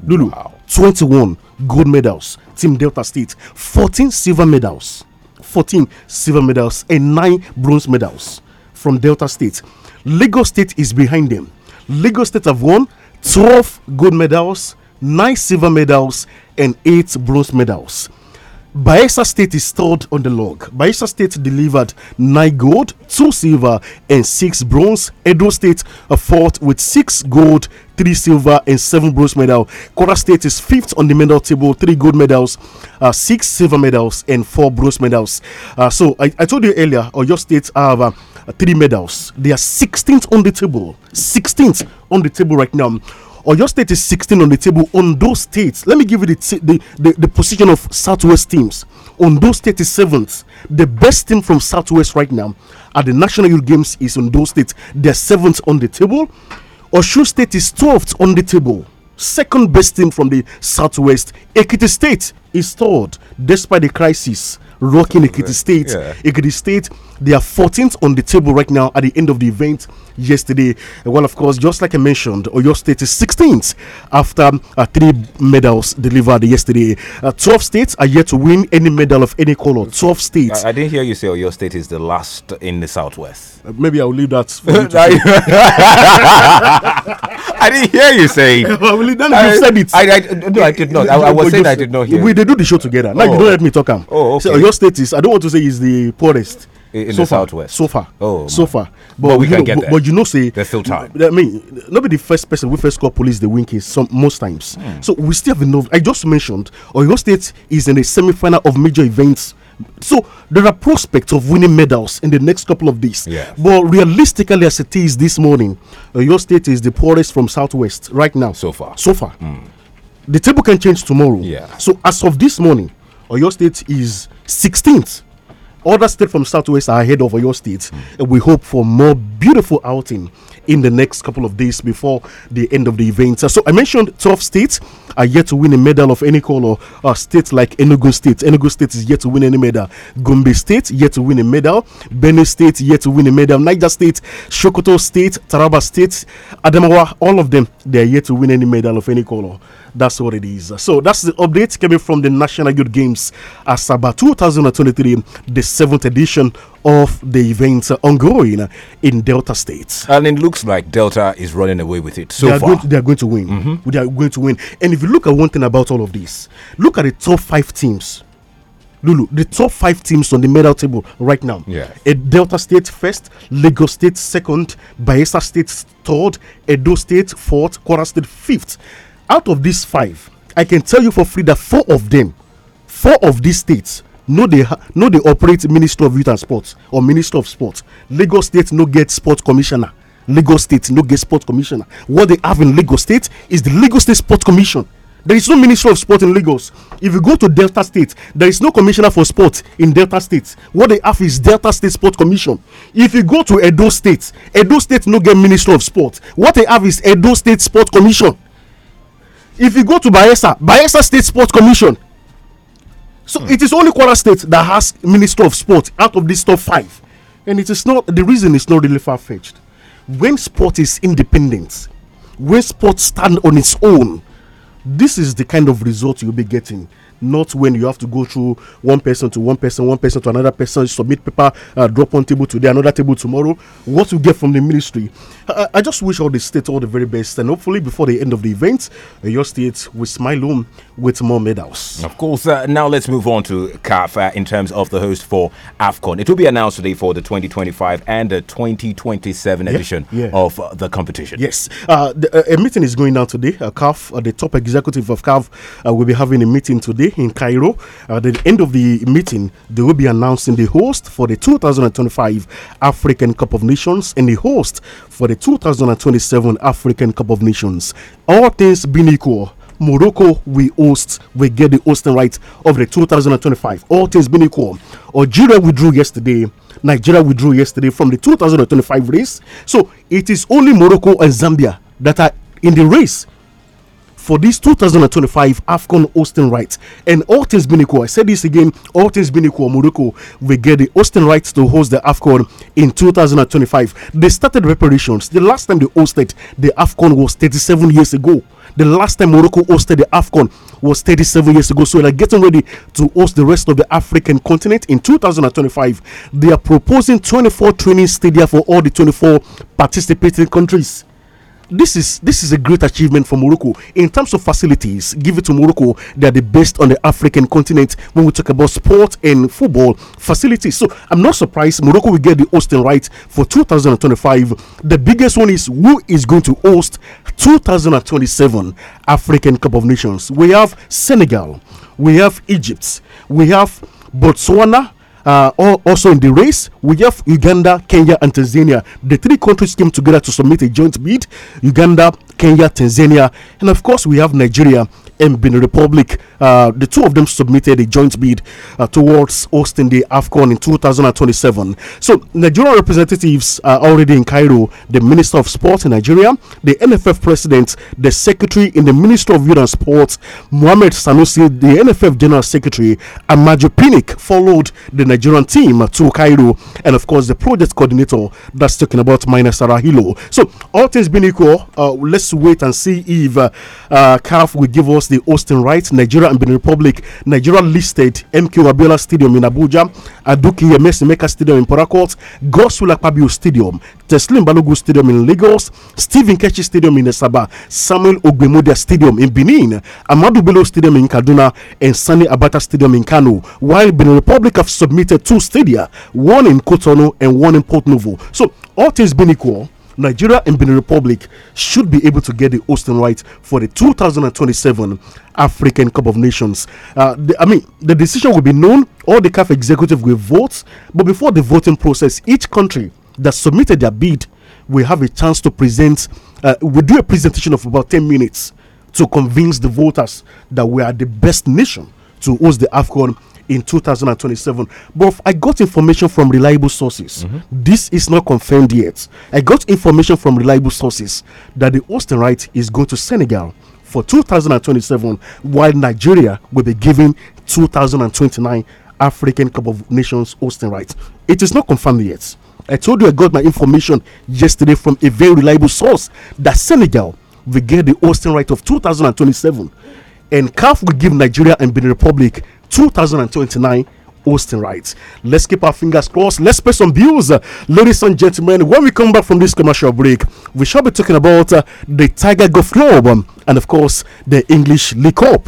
Lulu, wow. 21 gold medals. Team Delta State, 14 silver medals. 14 silver medals and 9 bronze medals from Delta State. Lagos State is behind them. Lagos State have won 12 gold medals, 9 silver medals, and 8 bronze medals. Baeza State is third on the log. Baeza State delivered nine gold, two silver, and six bronze. Edo State uh, fourth with six gold, three silver, and seven bronze medal. Kora State is fifth on the medal table, three gold medals, uh, six silver medals, and four bronze medals. Uh, so I, I, told you earlier, your State have uh, three medals. They are 16th on the table. 16th on the table right now. Oyo State is 16 on the table. On those states, let me give you the, the, the, the position of Southwest teams. On State is seventh. The best team from Southwest right now at the National Youth Games is those states. They're seventh on the table. Osun State is 12th on the table. Second best team from the Southwest. Ekiti State is third, despite the crisis rocking Ekiti State. Yeah. Ekiti State they are 14th on the table right now at the end of the event yesterday. Well, of course, just like I mentioned, Oyo State is 16th after uh, three medals delivered yesterday. Uh, 12 states are yet to win any medal of any color. 12 states. I, I didn't hear you say Oyo State is the last in the Southwest. Uh, maybe I'll leave that for you I didn't hear you say. well, you said it. I, I, no, I did not. I, I was saying I did not hear. We do the show together. Now oh. you don't let me talk. Oh, okay. So State is. I don't want to say is the poorest in so the far, southwest. So far, oh, so man. far. But, but we can know, get there. But you know, say there's still time. I mean, not be the first person we first call police the win Some most times, hmm. so we still have enough. I just mentioned Oyo State is in the semi-final of major events. So there are prospects of winning medals in the next couple of days. Yeah. But realistically, as it is this morning, your state is the poorest from southwest right now. So far. So far. Mm. The table can change tomorrow. Yeah. So as of this morning, your state is 16th other states from Southwest are ahead of your states. Mm. We hope for more beautiful outing in the next couple of days before the end of the event. So I mentioned 12 states are yet to win a medal of any color. Uh, states like Enugu State, Enugu State is yet to win any medal. Gombe State yet to win a medal. Benue State yet to win a medal. Niger State, Shokoto State, Taraba State, Adamawa, all of them they are yet to win any medal of any color. That's what it is. So that's the update coming from the National Youth Games Asaba 2023, the seventh edition of the events ongoing in Delta State. And it looks like Delta is running away with it so they are far. Going to, they are going to win. Mm -hmm. They are going to win. And if you look at one thing about all of this, look at the top five teams. Lulu, the top five teams on the medal table right now. Yeah. A Delta State first, Lagos State second, Bayelsa State third, Edo State fourth, Kwara State fifth out of these five, I can tell you for free that four of them, four of these states, no they no they operate Minister of Youth and Sports or Minister of Sports. Lagos State no get Sports Commissioner. Lagos State no get Sports Commissioner. What they have in Lagos State is the Lagos State Sports Commission. There is no Minister of Sport in Lagos. If you go to Delta State, there is no Commissioner for Sport in Delta State. What they have is Delta State sports Commission. If you go to Edo State, Edo State no get Minister of Sport. What they have is Edo State sports Commission if you go to Bayelsa, Bayelsa State Sports Commission. So hmm. it is only Kwara State that has Minister of Sport out of this top five, and it is not the reason is not really far fetched. When sport is independent, when sport stand on its own, this is the kind of result you'll be getting not when you have to go through one person to one person, one person to another person, submit paper, uh, drop one table today, another table tomorrow. What you get from the ministry. I, I, just wish all the states all the very best, and hopefully before the end of the event, uh, your state will smile on with more medals. Of course. Uh, now let's move on to CAF uh, in terms of the host for AFCON. It will be announced today for the 2025 and the 2027 yeah, edition yeah. of uh, the competition. Yes. Uh, the, a meeting is going on today. Uh, CAF, the top executive of CAF, will be having a meeting today in Cairo. at the end of the meeting, they will be announcing the host for the 2025 African Cup of Nations and the host for the 2027 African Cup of Nations. All things being equal. Morocco will host, will get the hosting right of the 2025. All things being equal. Algeria withdrew yesterday. Nigeria withdrew yesterday from the 2025 race. So it is only Morocco and Zambia that are in the race for this 2025 AFCON hosting rights. And all things being equal, I said this again, all things being equal, Morocco will get the hosting rights to host the AFCON in 2025. They started preparations. The last time they hosted the AFCON was 37 years ago. The last time Morocco hosted the AFCON was 37 years ago. So they're getting ready to host the rest of the African continent in 2025. They are proposing 24 training stadia for all the 24 participating countries this is this is a great achievement for Morocco in terms of facilities. Give it to Morocco; they are the best on the African continent when we talk about sport and football facilities. So I'm not surprised Morocco will get the hosting right for 2025. The biggest one is who is going to host 2027 African Cup of Nations. We have Senegal, we have Egypt, we have Botswana uh, also in the race, we have Uganda, Kenya, and Tanzania. The three countries came together to submit a joint bid Uganda, Kenya, Tanzania, and of course, we have Nigeria and Benin Republic. Uh, the two of them submitted a joint bid uh, towards hosting the AFCON in 2027. So, Nigerian representatives are already in Cairo the Minister of Sport in Nigeria, the NFF President, the Secretary in the Ministry of Youth and Sports, Mohamed Sanusi, the NFF General Secretary, and Majo Pinnick followed the Nigerian team to Cairo, and of course, the project coordinator that's talking about Minus Sarahilo. So, all things being equal, uh, let's wait and see if uh, uh CAF will give us the hosting right Nigeria and Benin Republic. Nigeria listed MQ Abiola Stadium in Abuja, Aduki Mecca Stadium in Porakot, Gosula Pabio Stadium, Teslim Balogu Stadium in Lagos, Stephen Kechi Stadium in Esaba, Samuel Ogbemodia Stadium in Benin, Amadu Bello Stadium in Kaduna, and Sani Abata Stadium in Kano. While Benin Republic have submitted two stadia, one in Cotonou and one in Port Novo. So all things being equal, Nigeria and Benin Republic should be able to get the hosting rights for the 2027 African Cup of Nations. Uh, the, I mean, the decision will be known, all the CAF executive will vote, but before the voting process, each country that submitted their bid will have a chance to present, uh, we do a presentation of about 10 minutes to convince the voters that we are the best nation to host the AFCON in 2027. But I got information from reliable sources. Mm -hmm. This is not confirmed yet. I got information from reliable sources that the Austin right is going to Senegal for 2027, while Nigeria will be given 2029 African Cup of Nations hosting rights. It is not confirmed yet. I told you I got my information yesterday from a very reliable source that Senegal will get the hosting right of 2027 and CAF will give Nigeria and Benin Republic 2029 hosting rights. Let's keep our fingers crossed. Let's pay some bills, uh, ladies and gentlemen. When we come back from this commercial break, we shall be talking about uh, the Tiger Golf Club um, and, of course, the English League Cup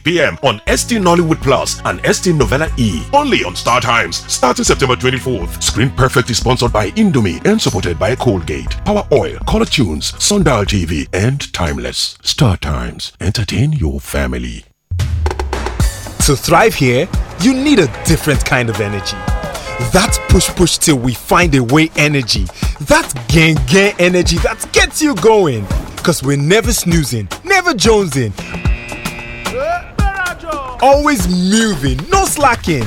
8 p.m. on ST Nollywood Plus and ST Novella E. Only on Star Times, starting September 24th. Screen Perfect is sponsored by Indomie and supported by Colgate, Power Oil, Color Tunes, Sundial TV, and Timeless. Star Times, entertain your family. To thrive here, you need a different kind of energy. That push push till we find a way energy. That gang gang energy that gets you going. Cause we're never snoozing, never jonesing Always moving, no slacking.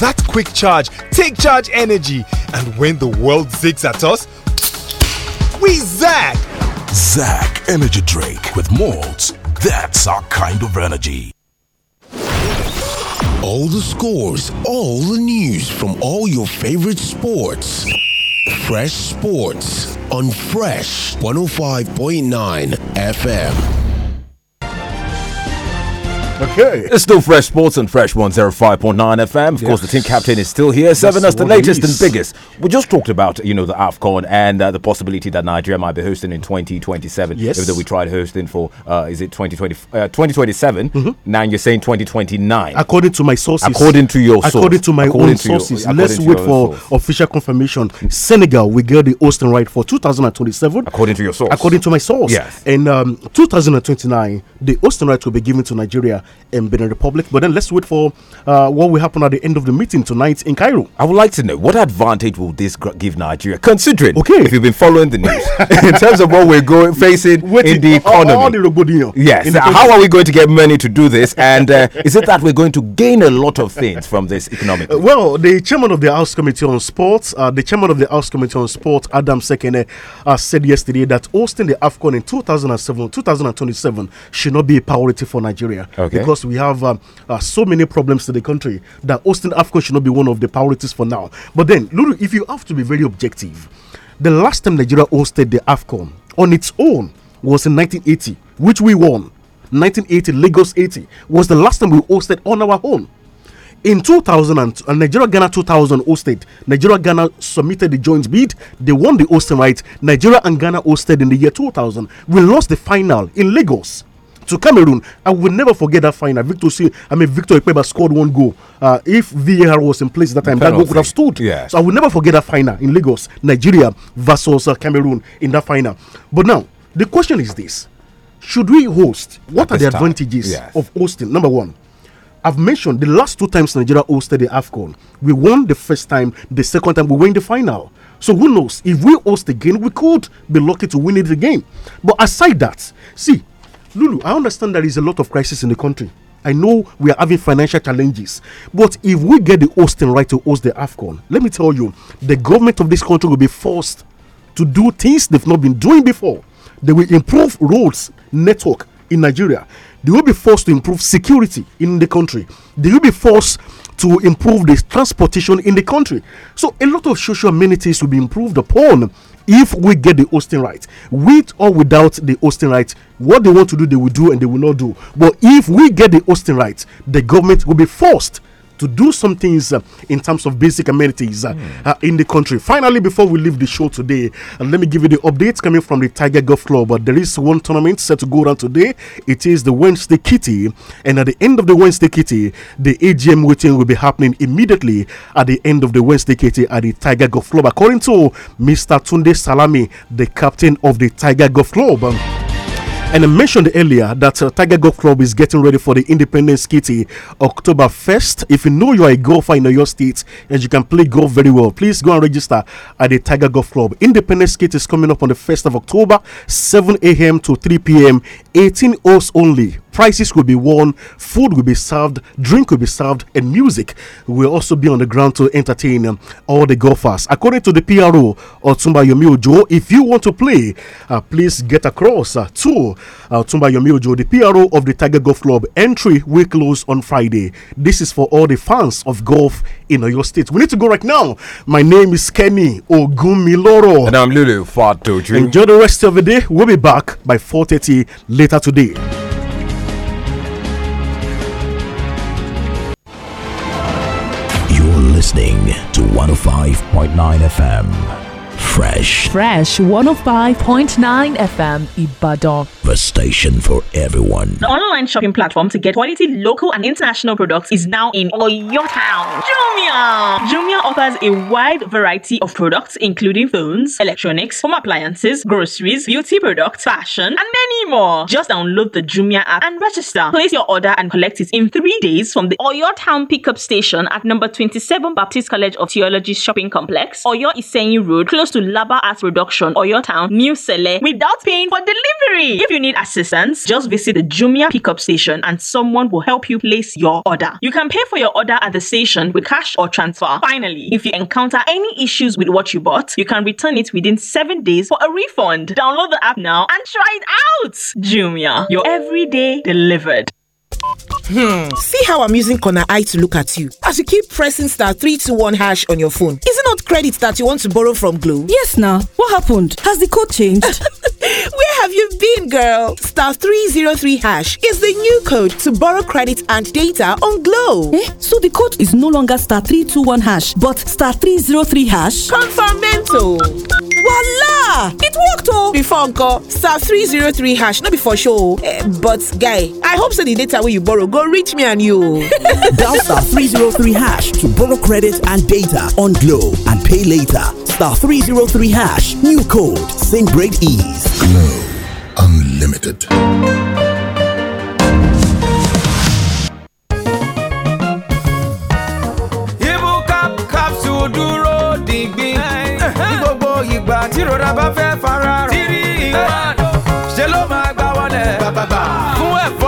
That quick charge, take charge energy. And when the world zigs at us, we zack. Zack Energy Drink with malts. That's our kind of energy. All the scores, all the news from all your favorite sports. Fresh Sports on Fresh 105.9 FM. Okay. It's still Fresh Sports and Fresh 105.9 FM. Of yes. course, the team captain is still here, serving us the latest and biggest. We just talked about, you know, the AFCON and uh, the possibility that Nigeria might be hosting in 2027. Yes. Even though we tried hosting for, uh, is it 2020, uh, 2027? Mm -hmm. Now you're saying 2029. According to my sources. According to your sources. According to my according own to sources. Your, Let's wait for source. official confirmation. Senegal will get the hosting right for 2027. According to your source. According to my source. Yes. And um, 2029, the hosting right will be given to Nigeria in Benin Republic. But then let's wait for uh, what will happen at the end of the meeting tonight in Cairo. I would like to know what advantage will this give Nigeria, considering okay. if you've been following the news in terms of what we're going facing wait, in the economy. All, all the yes. The how are we going to get money to do this? And uh, is it that we're going to gain a lot of things from this economic? Uh, well, the chairman of the House Committee on Sports, uh, the chairman of the House Committee on Sport, Adam Sekene, uh, said yesterday that hosting the AFCON in 2007, 2027 should not be a priority for Nigeria. Okay okay. because we have um, uh, so many problems in the country that hosting AFCON should not be one of the priorities for now. But then, Lulu, if you have to be very objective, the last time Nigeria hosted the AFCON on its own was in 1980, which we won. 1980, Lagos 80 was the last time we hosted on our own. In 2000, and, uh, Nigeria Ghana 2000 hosted. Nigeria Ghana submitted the joint bid. They won the hosting right. Nigeria and Ghana hosted in the year 2000. We lost the final in Lagos to Cameroon. I will never forget that final. Victor, I mean, Victor Ipeba scored one goal. Uh, if VAR was in place at that time, that goal could have stood. Yeah. So I will never forget that final in Lagos, Nigeria versus uh, Cameroon in that final. But now, the question is this Should we host? What At are the advantages yes. of hosting? Number one, I've mentioned the last two times Nigeria hosted the AFCON. We won the first time, the second time we win the final. So who knows? If we host again, we could be lucky to win it again. But aside that, see, Lulu, I understand there is a lot of crisis in the country. I know we are having financial challenges, but if we get the hosting right to host the AFCON, let me tell you, the government of this country will be forced to do things they've not been doing before. They will improve roads, network in Nigeria. They will be forced to improve security in the country. They will be forced to improve the transportation in the country. So a lot of social amenities will be improved upon if we get the hosting right. With or without the hosting right, what they want to do, they will do and they will not do. But if we get the hosting right, the government will be forced to do some things uh, in terms of basic amenities mm. in the country. Finally, before we leave the show today, let me give you the updates coming from the Tiger Golf Club. there is one tournament set to go down today. It is the Wednesday Kitty, and at the end of the Wednesday Kitty, the AGM meeting will be happening immediately at the end of the Wednesday Kitty at the Tiger Golf Club. According to Mr. Tunde Salami, the captain of the Tiger Golf Club. And I mentioned earlier that uh, Tiger Golf Club is getting ready for the Independence Kitty eh, October 1st. If you know you are a golfer in your state and you can play golf very well, please go and register at the Tiger Golf Club. Independence Kitty is coming up on the 1st of October, 7 a.m. to 3 p.m., 18 hours only. Prices will be won, food will be served, drink will be served, and music will also be on the ground to entertain um, all the golfers. According to the PRO, Otumba Tumba Yomiojo, if you want to play, uh, please get across uh, to uh, Tumba Yomiojo. the PRO of the Tiger Golf Club. Entry will close on Friday. This is for all the fans of golf in your State. We need to go right now. My name is Kenny Ogumiloro. And I'm Lulu Fatu. Enjoy the rest of the day. We'll be back by 4.30 later today. listening to 105.9 FM. Fresh. Fresh 105.9 FM Ibadan. The station for everyone. The online shopping platform to get quality local and international products is now in Oyo town. Jumia! Jumia offers a wide variety of products including phones, electronics, home appliances, groceries, beauty products, fashion, and many more. Just download the Jumia app and register. Place your order and collect it in 3 days from the Oyo Town pickup station at number 27 Baptist College of Theology shopping complex, Oyo Isenyi Road, close to Laba Art Production or your town, New Sele, without paying for delivery. If you need assistance, just visit the Jumia pickup station and someone will help you place your order. You can pay for your order at the station with cash or transfer. Finally, if you encounter any issues with what you bought, you can return it within seven days for a refund. Download the app now and try it out. Jumia, your everyday delivered. Hmm. See how I'm using corner eye to look at you as you keep pressing star 321 hash on your phone. Is it not credit that you want to borrow from Glow? Yes, now. What happened? Has the code changed? Where have you been, girl? Star 303 hash is the new code to borrow credit and data on Glow. Eh? So the code is no longer star 321 hash, but star 303 hash? Confirm Voila! It worked, oh! Before Uncle, star 303 hash, not before show. Eh, but, guy, I hope so the data where you borrow go reach me and you. Dial star 303 hash to borrow credit and data on Glow and pay later. Star 303 hash, new code, same great ease. Glow Unlimited. Eh, eh. ìgbà bá fẹ́ fara rẹ̀. ṣe eh. ló máa gbà wọlé. fún ẹ̀fọ́.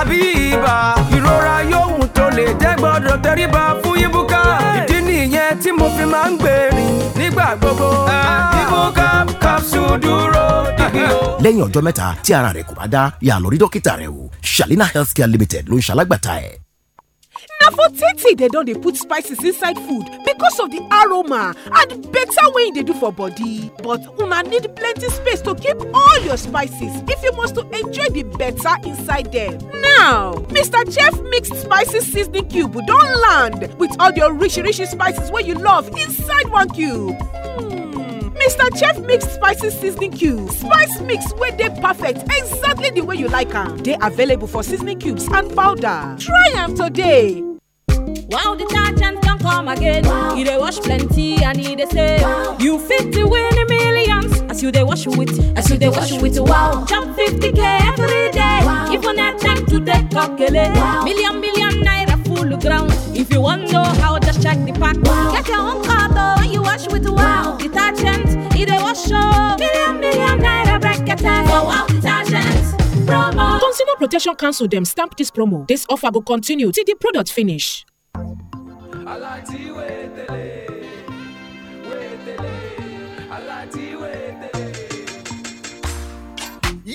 àbí ibà ìrora yóò tó lè jẹ́ gbọ́dọ̀ tẹríba fún Ibuka ìdí nìyẹn tí mo fi máa ń gbèrìn nígbà gbogbo ah! Ibuka capsule dúró dìbì lẹ́yìn ọjọ́ mẹ́ta tí ara rẹ̀ kò bá dá yà lọ dókítà rẹ̀ o Shalina Healthcare Limited ló ń ṣalágbàtà ẹ̀ na for tete dem don dey put spices inside food because of the aroma and better wey e dey do for body but una need plenty space to keep all your spices if you must to enjoy the better inside them. now mr chef mixed spices seasoning cube don land with all the orisirisi spices wey you love inside one cube. Mm. mr chef mix spicy seasoning cubes spice mix where they perfect exactly the way you like They are available for seasoning cubes and powder try them today wow the detergent don come again You dey wash plenty and e dey save you fit to win a million as you dey wash with as you dey wash with wow jump 50k every day even at time to take Wow, million million cool ground. If you want know how, just check the pack. Get your own car though, you wash with wow detergent. It a wash show. Million, million naira bracket eh. for wow detergent. Promo. Consumer Protection Council them stamp this promo. This offer will continue till the product finish. I like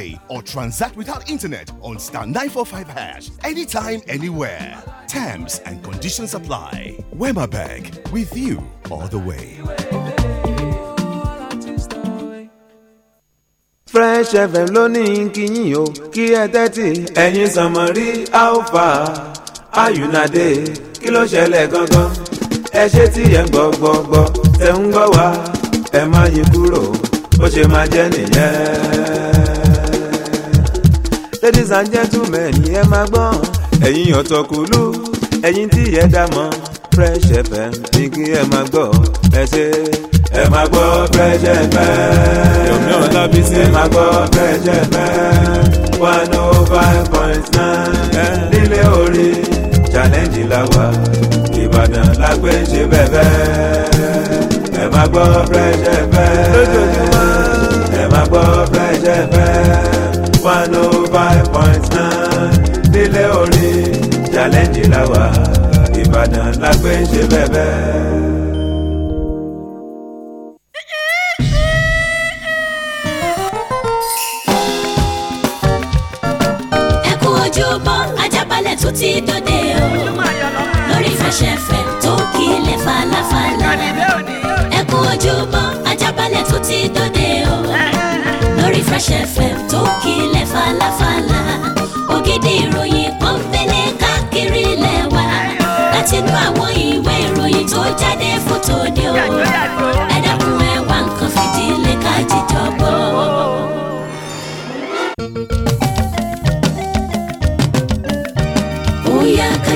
pay or transact without internet on star 945 hash anytime, anywhere. Terms and conditions apply. Wema Bank with you all the way. Fresh FM lónìí kìyìn o kí ẹ tẹ́tì. ẹ̀yin sànmọ́ rí alpha ayunade kí ló ṣẹlẹ̀ gangan. ẹ ṣe tí ẹ ń gbọ́ gbọ́ gbọ́ tẹ̀ ń gbọ́ wá ẹ má yí kúrò ó ṣe máa jẹ́ nìyẹn. ladies and gentlemen ẹ máa gbọ́n ẹ̀yin ọ̀tọ̀kùlú ẹ̀yin tí ẹ dá mọ́ fresh fm ní kí ẹ máa gbọ́ ẹ ṣe ẹ máa gbọ́ fresh fm yomi ọlábísí ẹ máa gbọ́ fresh fm one oh five point nine nílé orí challenge la wà ìbàdàn la gbé ṣe bẹ́ẹ̀ ẹ máa gbọ́ fresh fm lójoojúmọ́ ẹ máa gbọ́ fresh fm one oh five point nine délé orí challenge la wà ìbàdàn la gbé ń ṣe bẹ́ẹ̀ ẹ kú ojúbọ ajábalẹ̀ tó ti dòde o lórí fẹsẹ̀fẹ̀ tó kílẹ̀ falafala ẹ ojúbọ ajábalẹ̀ tó ti dòde o lórí Fresh FM tó kílẹ̀ falafala ògidì ìròyìn kan fẹlẹ̀ káàkiri lẹ́wà láti inú àwọn ìwé ìròyìn tó jáde fótó ni o ẹ dákun ẹ wá nǹkan fìdílé ká jíjọ gbọ́. bóyá ká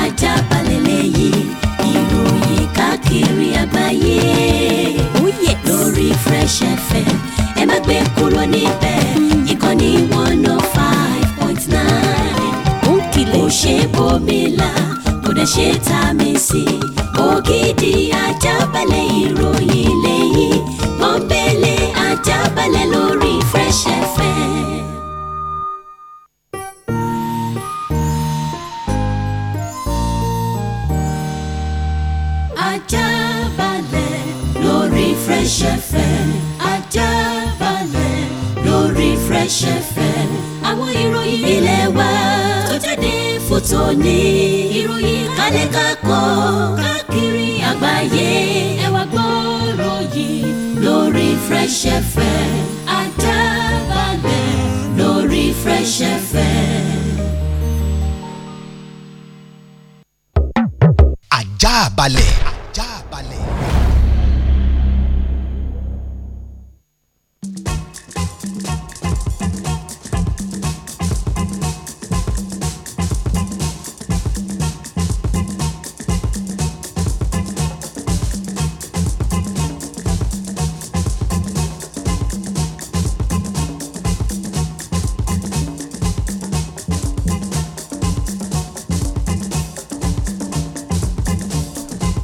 ajá balẹ̀ lẹ́yìn ìròyìn káàkiri àgbáyé oh lórí Fresh FM gbé kúrò níbẹ̀ ìkànnì one oh five point nine. ó kìlẹ̀ ó ṣe bòmílà kò dẹ̀ ṣe tá a mi sí. ògidì ajábalẹ̀ ìròyìn lẹ́yìn pọ́npẹ́lẹ́ ajábalẹ̀ lórí Fresh FM. Fresh FM. Fresh FM àwọn ìròyìn ilé wa tó jáde fún tòní ìròyìn kálẹ̀ kakọ́ káàkiri àgbáyé ẹ wá gbọ́rọ̀ yìí lórí Fresh FM àdábàgbẹ̀ lórí Fresh FM. àjà balẹ̀.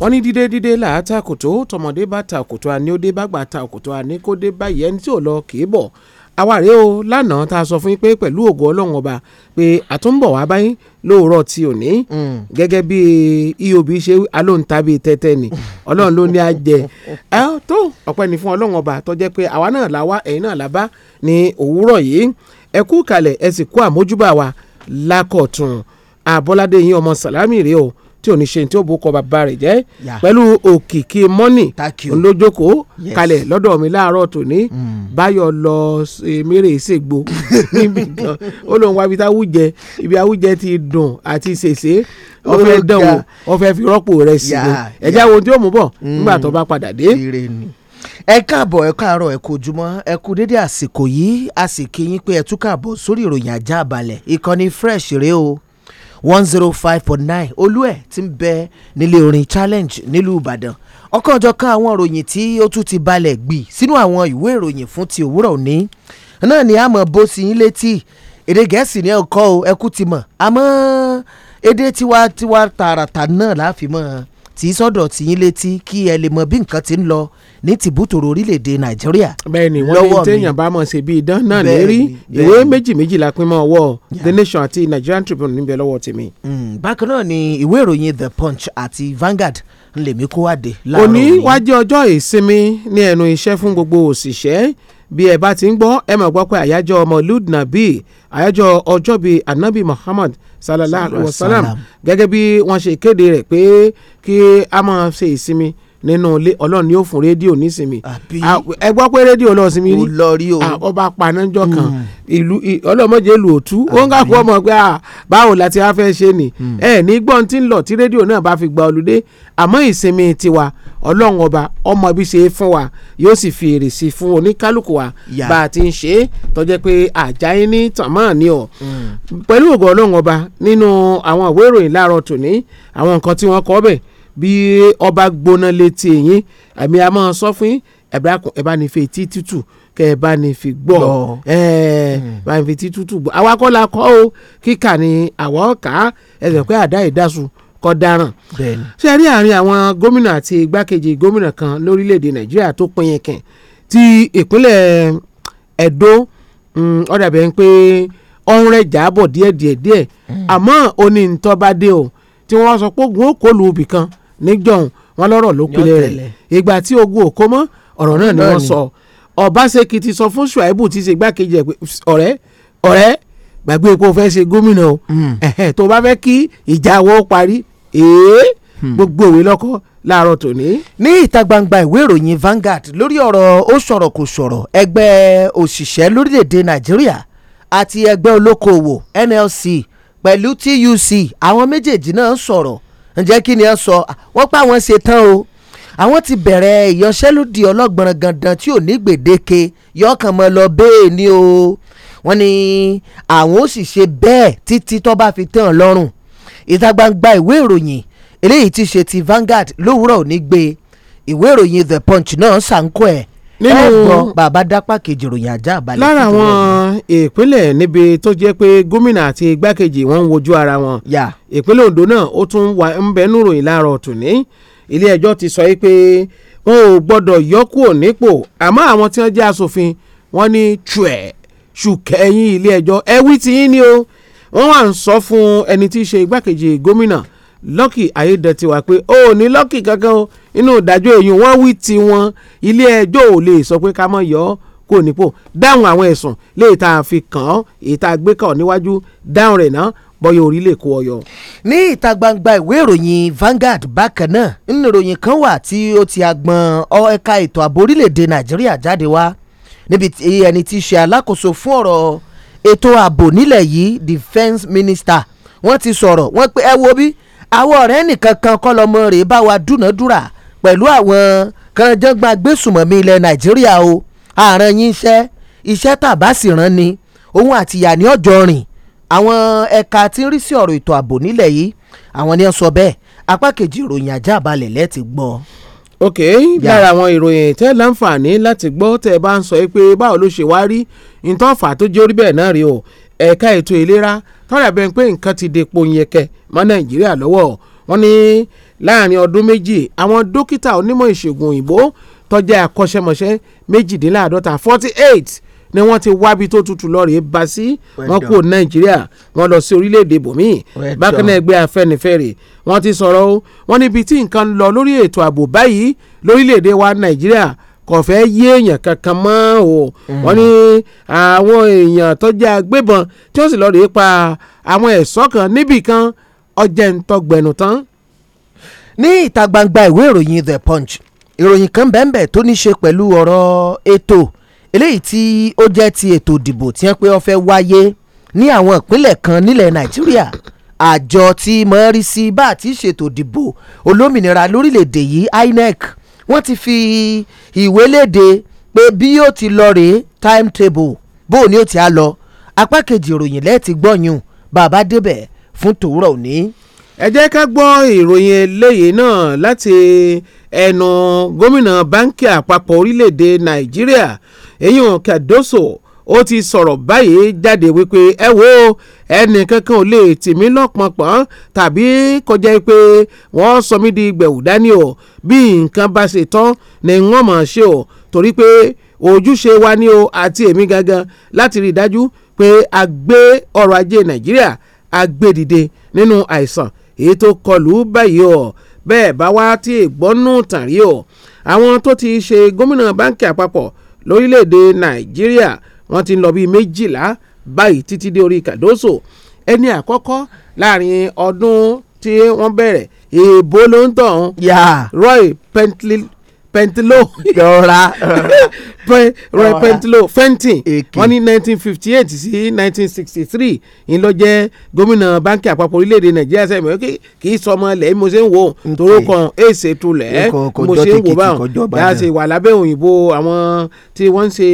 wọ́n ní dídé dídé là á ta kòtó tọmọdé bá ta kòtó àní ó dé bàgbà ta kòtó àní kó dé báyìí ẹni tí ò lọ kì í bọ̀ àwa rèé o lánàá tá a sọ fún yín pé pẹ̀lú ògo ọlọ́run ọba pé àtúnbọ̀ wá báyìí lóòrọ̀ tí ò ní mm. gẹ́gẹ́ bí iobi e ṣe alóǹta bíi tẹ́tẹ́ ni ọlọ́run ló ní ajẹ́ ẹ tó ọpẹ́ ni fún ọlọ́run ọba tó pé àwa náà la wá ẹ̀yin náà la bá ní òwúrọ̀ yìí ẹ kú kalẹ̀ ẹ sì kú àmójúbà wa lákọ̀tún àbọ̀ládé yín ọmọ sàlámì rèé o tí ò ní ṣe tí ó bó kọ bàbá rẹ̀ jẹ́ pẹ̀lú òkìkí mọ́nì ńlójókòó kalẹ̀ lọ́dọ̀ mi láàárọ̀ tòní mm. báyọ̀ lọ mèrè ìṣègbò níbi kan ó lóun wá ibi tá awújẹ ibi awújẹ ti dùn àti ṣèṣe ọfẹ dánwò ọfẹ fi rọ́pò rẹ̀ sí i ẹ̀já wo tí ó mú bọ̀ nígbà tó bá padà dé ẹ káàbọ̀ ẹ káàárọ̀ ẹ kojúmọ́ ẹ kú dédé àsìkò yìí àsìkò yín pé ẹ tún sórí ìròyìn ajá balẹ̀ ìkànnì fresh rèé o one zero oh five point nine olú ẹ̀ ti ń bẹ nílé orin challenge nílùú ìbàdàn ọ̀kanòjọ̀kan àwọn ìròyìn tí ó tún ti balẹ̀ gbì sínú àwọn ìwé ìròyìn fún ti òwúrọ̀ òní náà ni àmọ́ bó ti yín létí èdè gẹ̀ẹ́sì ni ẹ̀kọ́ ẹkú ti mọ̀ àmọ́ èdè tiwa tiwa tààràtà náà láàfin mọ́ ọ tí sọ́dọ̀ tí yín létí kí ẹ lè mọ bí nǹkan ti ń lọ ní tìbútòrò orílẹ̀-èdè nàìjíríà. bẹ́ẹ̀ni wọn ní téèyàn bá mọ ṣe bí idán náà lérí ìwé méjì méjì la pín mọ ọwọ́ the nation àti nigerian tribune níbẹ̀ lọ́wọ́ tèmi. Mm, bákan náà ni ìwé ìròyìn the punch àti vanguard ń lèmi kó wá dé. òní wá jẹ́ ọjọ́ ìsinmi ní ẹnu iṣẹ́ fún gbogbo òṣìṣẹ́ bí ẹ bá ti ń gbọ́ ẹ mọ̀ gbọ́ pé àyájọ́ Maulud Nabi àyájọ́ ọjọ́bí anabi Muhammad sallallahu alaihi wa sallam gẹ́gẹ́ bí wọ́n ṣe kéde rẹ̀ pé kí a máa ṣe ìsinmi nínú ilé ọlọ́run ni ó fún rédíò nísìmí ẹ gbọ́ pé rédíò lọ sinmi rí ọba panájọ kan hmm. ìlú ọlọ́mọdé lù òtú ó ń kàkú ọmọ pé báwo la ti wá fẹ́ ṣe ni hmm. ẹ ní gbọ́n tí ń lọ tí rédíò náà bá fi gba olùdé àmọ́ ìsinmi tiwa ọlọ́run ọba ọmọ bí ṣe fún wa yóò sì fi èrè fún oníkálukú wa bá a ti ń ṣe é tọ́jẹ́ pé àjáyé ní tàmá ni ọ̀ hmm. pẹ̀lú ògo ọlọ́run ọba nínú àwọn ìwé láàárọ̀ tòní àwọn nǹkan tí wọ́n kọ bẹ́ẹ̀ bí ọba gbóná létí yín àmì àmọ́ sọ fún yín ẹ̀bùrákùn ẹ̀ bá ní fi etí tútù kẹ́ ẹ̀ bá ní fi gbọ́ ẹ̀ hmm. bá ní fi etí tútù gbọ́ àwa kọ́ la kọ́ o kíkà ni àwa ọ̀ka ẹ̀sẹ̀ pé àdá ìdásùn kọ́ dáràn. ṣe rí àárín àwọn gómìnà àti igbákejì gómìnà kan lórílẹ̀‐èdè nàìjíríà tó pín yẹn kàn ti ìpínlẹ̀ ẹ̀dó ọ̀dàbẹ̀ hmm, ń pé ọ̀hún rẹ̀ jábọ̀ díẹ̀díẹ̀ díẹ̀ hmm. àmọ́ oní ntọ́badé o tí wọ́n sọ pé ògùn ó kó lu ibì kan níjọ̀hún wọn lọ́rọ̀ ló pilẹ̀ rẹ̀ ìgbà tí ogun òkó mọ́ ọ̀rọ̀ náà ni wọ́n sọ ọbaṣẹ́kì ti sọ fún ṣùáìbù tí í ṣe igbákejì ẹ̀ pé ọ̀rẹ́ ọ̀rẹ́ gbàgbé epo fẹ́ ṣe gómìnà o hmm. tó bá fẹ́ kí ìjà wọ́n parí èé hmm. gbogbo òwe lọ́kọ́ láàárọ̀ tòní. ní ìta gbangba ìwé ìròyìn Vanguard lórí ọ̀rọ̀ ó sọ̀rọ̀ kò sọ̀rọ̀ ẹgbẹ́ òṣìṣẹ́ lórílẹ̀‐èdè Nàìjíríà àti ẹgbẹ́ olókoòwò NLC pẹ̀lú TUC àwọn méjèèjì náà sọ̀rọ̀ ǹjẹ́ kí ni ẹ sọ wọ́n pa àwọn ṣe tán o àwọn ti bẹ̀rẹ̀ ìyanṣẹ́lódì ọlọ́gbọ̀n gandan tí ò ní gbèdéke yọkàn lọ bẹ́ẹ̀ ni o wọ́n ní àwọn ò sì ṣe bẹ́ẹ̀ títí tó bá fi tẹ̀ wọ́n lọ́rùn ìta gbangba ìwé ìròyìn eléyìí ti ṣe ti Vanguard lówùúrọ̀ òní gbé ìwé ìròyìn The Punch náà ṣàǹkó ẹ̀ nínú ẹ gbọ́ bàbá dápá kejì ìròyìn ajá àbálẹ̀ lára àwọn ìpínlẹ̀ níbi tó jẹ́ pé gómìnà àti igbákejì wọn ń wojú ara wọn. ìpínlẹ̀ Ondo náà ó tún wà ń bẹ nú ròyìn láàárọ̀ tòní ilé ẹjọ́ ti sọ pé wọn ò gbọ́dọ̀ yọkúrò nípò àmọ́ àwọn tí wọ́n jẹ́ asòfin wọn ní tùẹ̀ ṣùkẹ́ ẹ̀yìn ilé ẹjọ́ ẹ ti yín ni o wọ́n wà ń sọ fún ẹni tí í ṣe igbákejì gómìnà Lucky Ayédètiwa pé ó ní Lucky kankan o inú ìdájọ́ èyí wọ́n wí ti wọn ilé ẹjọ́ ò lè sọ pé ká má yọ ọ́ kúrò nípò dáhùn àwọn ẹ̀sùn léè tá a fi kàn án èyí tá a gbé kàn níwájú dáhùn rẹ̀ náà bọ́yọ̀ orí lè ọyọ. ní ìta gbangba ìwé ìròyìn Vanguard bákan náà ìròyìn kan wà tí ó ti agbọn ẹ̀ka ètò ààbò orílẹ̀-èdè Nàìjíríà jáde wá níbi ẹni tí í ṣe alákòóso fún ọ̀rọ̀ ètò ààbò nílẹ̀ yìí defence minister wọ́n ti sọ̀rọ̀ wọ́n pé ẹ wo bí àwọn ọ̀rẹ́ nìkan kan kọ́ lọ́mọ rẹ̀ bá wa dúnàádúrà pẹ̀lú àwọn kan jẹ́gbàgbésùmọ̀mí ilẹ̀ Nàìjíríà o àràn yín iṣẹ́ iṣẹ́ tàbá sì rán ni òun àtìyà ní ọjọ́ rìn àwọn ẹ̀ka tí ń rí sí ọ̀rọ̀ ètò ààbò nílẹ̀ yìí àwọn ni wọ́n sọ bẹ́ẹ̀ apá kejì ìròyìn ajá balẹ̀ lẹ́ẹ̀tì gbọ́. ok lára àwọn ìròyìn tẹ́ láǹfààní láti gbọ́ tẹ́ bá ń sọ pé báwo ló ṣe wá rí nǹkan fà tó jẹ́ orí bẹ́ẹ̀ náà rí o ẹ̀ka ètò ìlera tọ́lá bẹ́ẹ̀ pé nǹkan ti depo yẹkẹ mọ́ nàìjíríà lọ́wọ́ wọn ní láàrin ọdún méjì àwọn dókítà onímọ̀ ìṣègùn tọ́jà akọ́ṣẹ́mọṣẹ́ méjìdínláàdọ́ta forty eight ni wọ́n ti wábi tó tutù lọ́ọ̀rẹ́ bá sí wọ́n kúrò nàìjíríà wọ́n lọ sí orílẹ̀-èdè bòmíì bákan náà ẹgbẹ́ afẹ́nifẹ́re wọ́n ti sọ̀rọ̀ o wọ́n níbi tí nǹkan ń lọ lórí ètò ààbò báyìí lórílẹ̀-èdè wa nàìjíríà kò fẹ́ yé èèyàn kankan mọ́ o hmm. wọ́n ní àwọn èèyàn tó jẹ́ agbébọn tí ó sì lọ́ọ́ rèé pa àwọn ẹ̀ṣọ́ kan níbì kan ọjẹ́ ń tọgbẹ̀nù tán. ní ìta gbangba ìwé ìròyìn The Punch ìròyìn kan bẹ́ẹ̀nbẹ́ẹ̀ tó ní ṣe pẹ̀lú ọ̀rọ̀ ètò eléyìí tí ó jẹ́ ti ètò ìdìbò tí wọ́n pé ó wáyé ní àwọn ìpínlẹ̀ kan nílẹ̀ Nàìjíríà àjọ tí mọ̀ ń rí sí bá a ti ṣètò ìdìbò olómìnira lórílẹ̀‐èdè yìí INEC wọ́n ti fi ìwé léde pé bí yóò ti lọ rèé timetable bó o ní ó ti á lọ apá kejì ìròyìn lẹ́ẹ̀tì gbọ́yùn bàbá débẹ̀ fún tòwúrọ̀ òní. ẹ jẹ́ ká gbọ́ ìròyìn eléyìí náà Láti ẹnu gómìnà báńkì àpapọ̀ orílẹ̀-èdè nàìjíríà eyín kadoso ó ti sọ̀rọ̀ báyìí jáde wípé ẹ wo ẹnì kankan ò lè tì lọ́pọ̀npọ̀n tàbí kọjá pé wọ́n sọ mí di gbẹ̀wù dání o bí nǹkan bá ṣe tán ni wọ́n mọ̀ ṣe o torí pé ojúṣe wa ni o àti èmi gangan láti rí i dájú pé a gbé ọrọ̀ ajé nàìjíríà a gbé dìde nínú àìsàn èyí tó kọlù báyìí o bẹ́ẹ̀ bá wá tí ìgbọ́nú tàrí o àwọn tó ti ṣe gómìnà báńkì àpapọ̀ lórílẹ̀‐èdè nàìjíríà wọ́n ti ń lọ bíi méjìlá báyìí títí dé orí kàdóso ẹni àkọ́kọ́ láàrin ọdún tí wọ́n bẹ̀rẹ̀ èèbó ló ń tàn án Roy Pentley pentilo jọra pentilo fentin wọ́n ní nineteen fifty eight sí nineteen sixty three ń lọ jẹ́ gómìnà báńkì àpapọ̀ orílẹ̀-èdè nàìjíríà sẹ́mi kì í sọmọ lẹ́yìn mo ṣe ń wò tóró kan èsè tulẹ̀ mo ṣe ń wò báwọn yàrá ṣe wà lábẹ́ òyìnbó àwọn tí wọ́n ń ṣe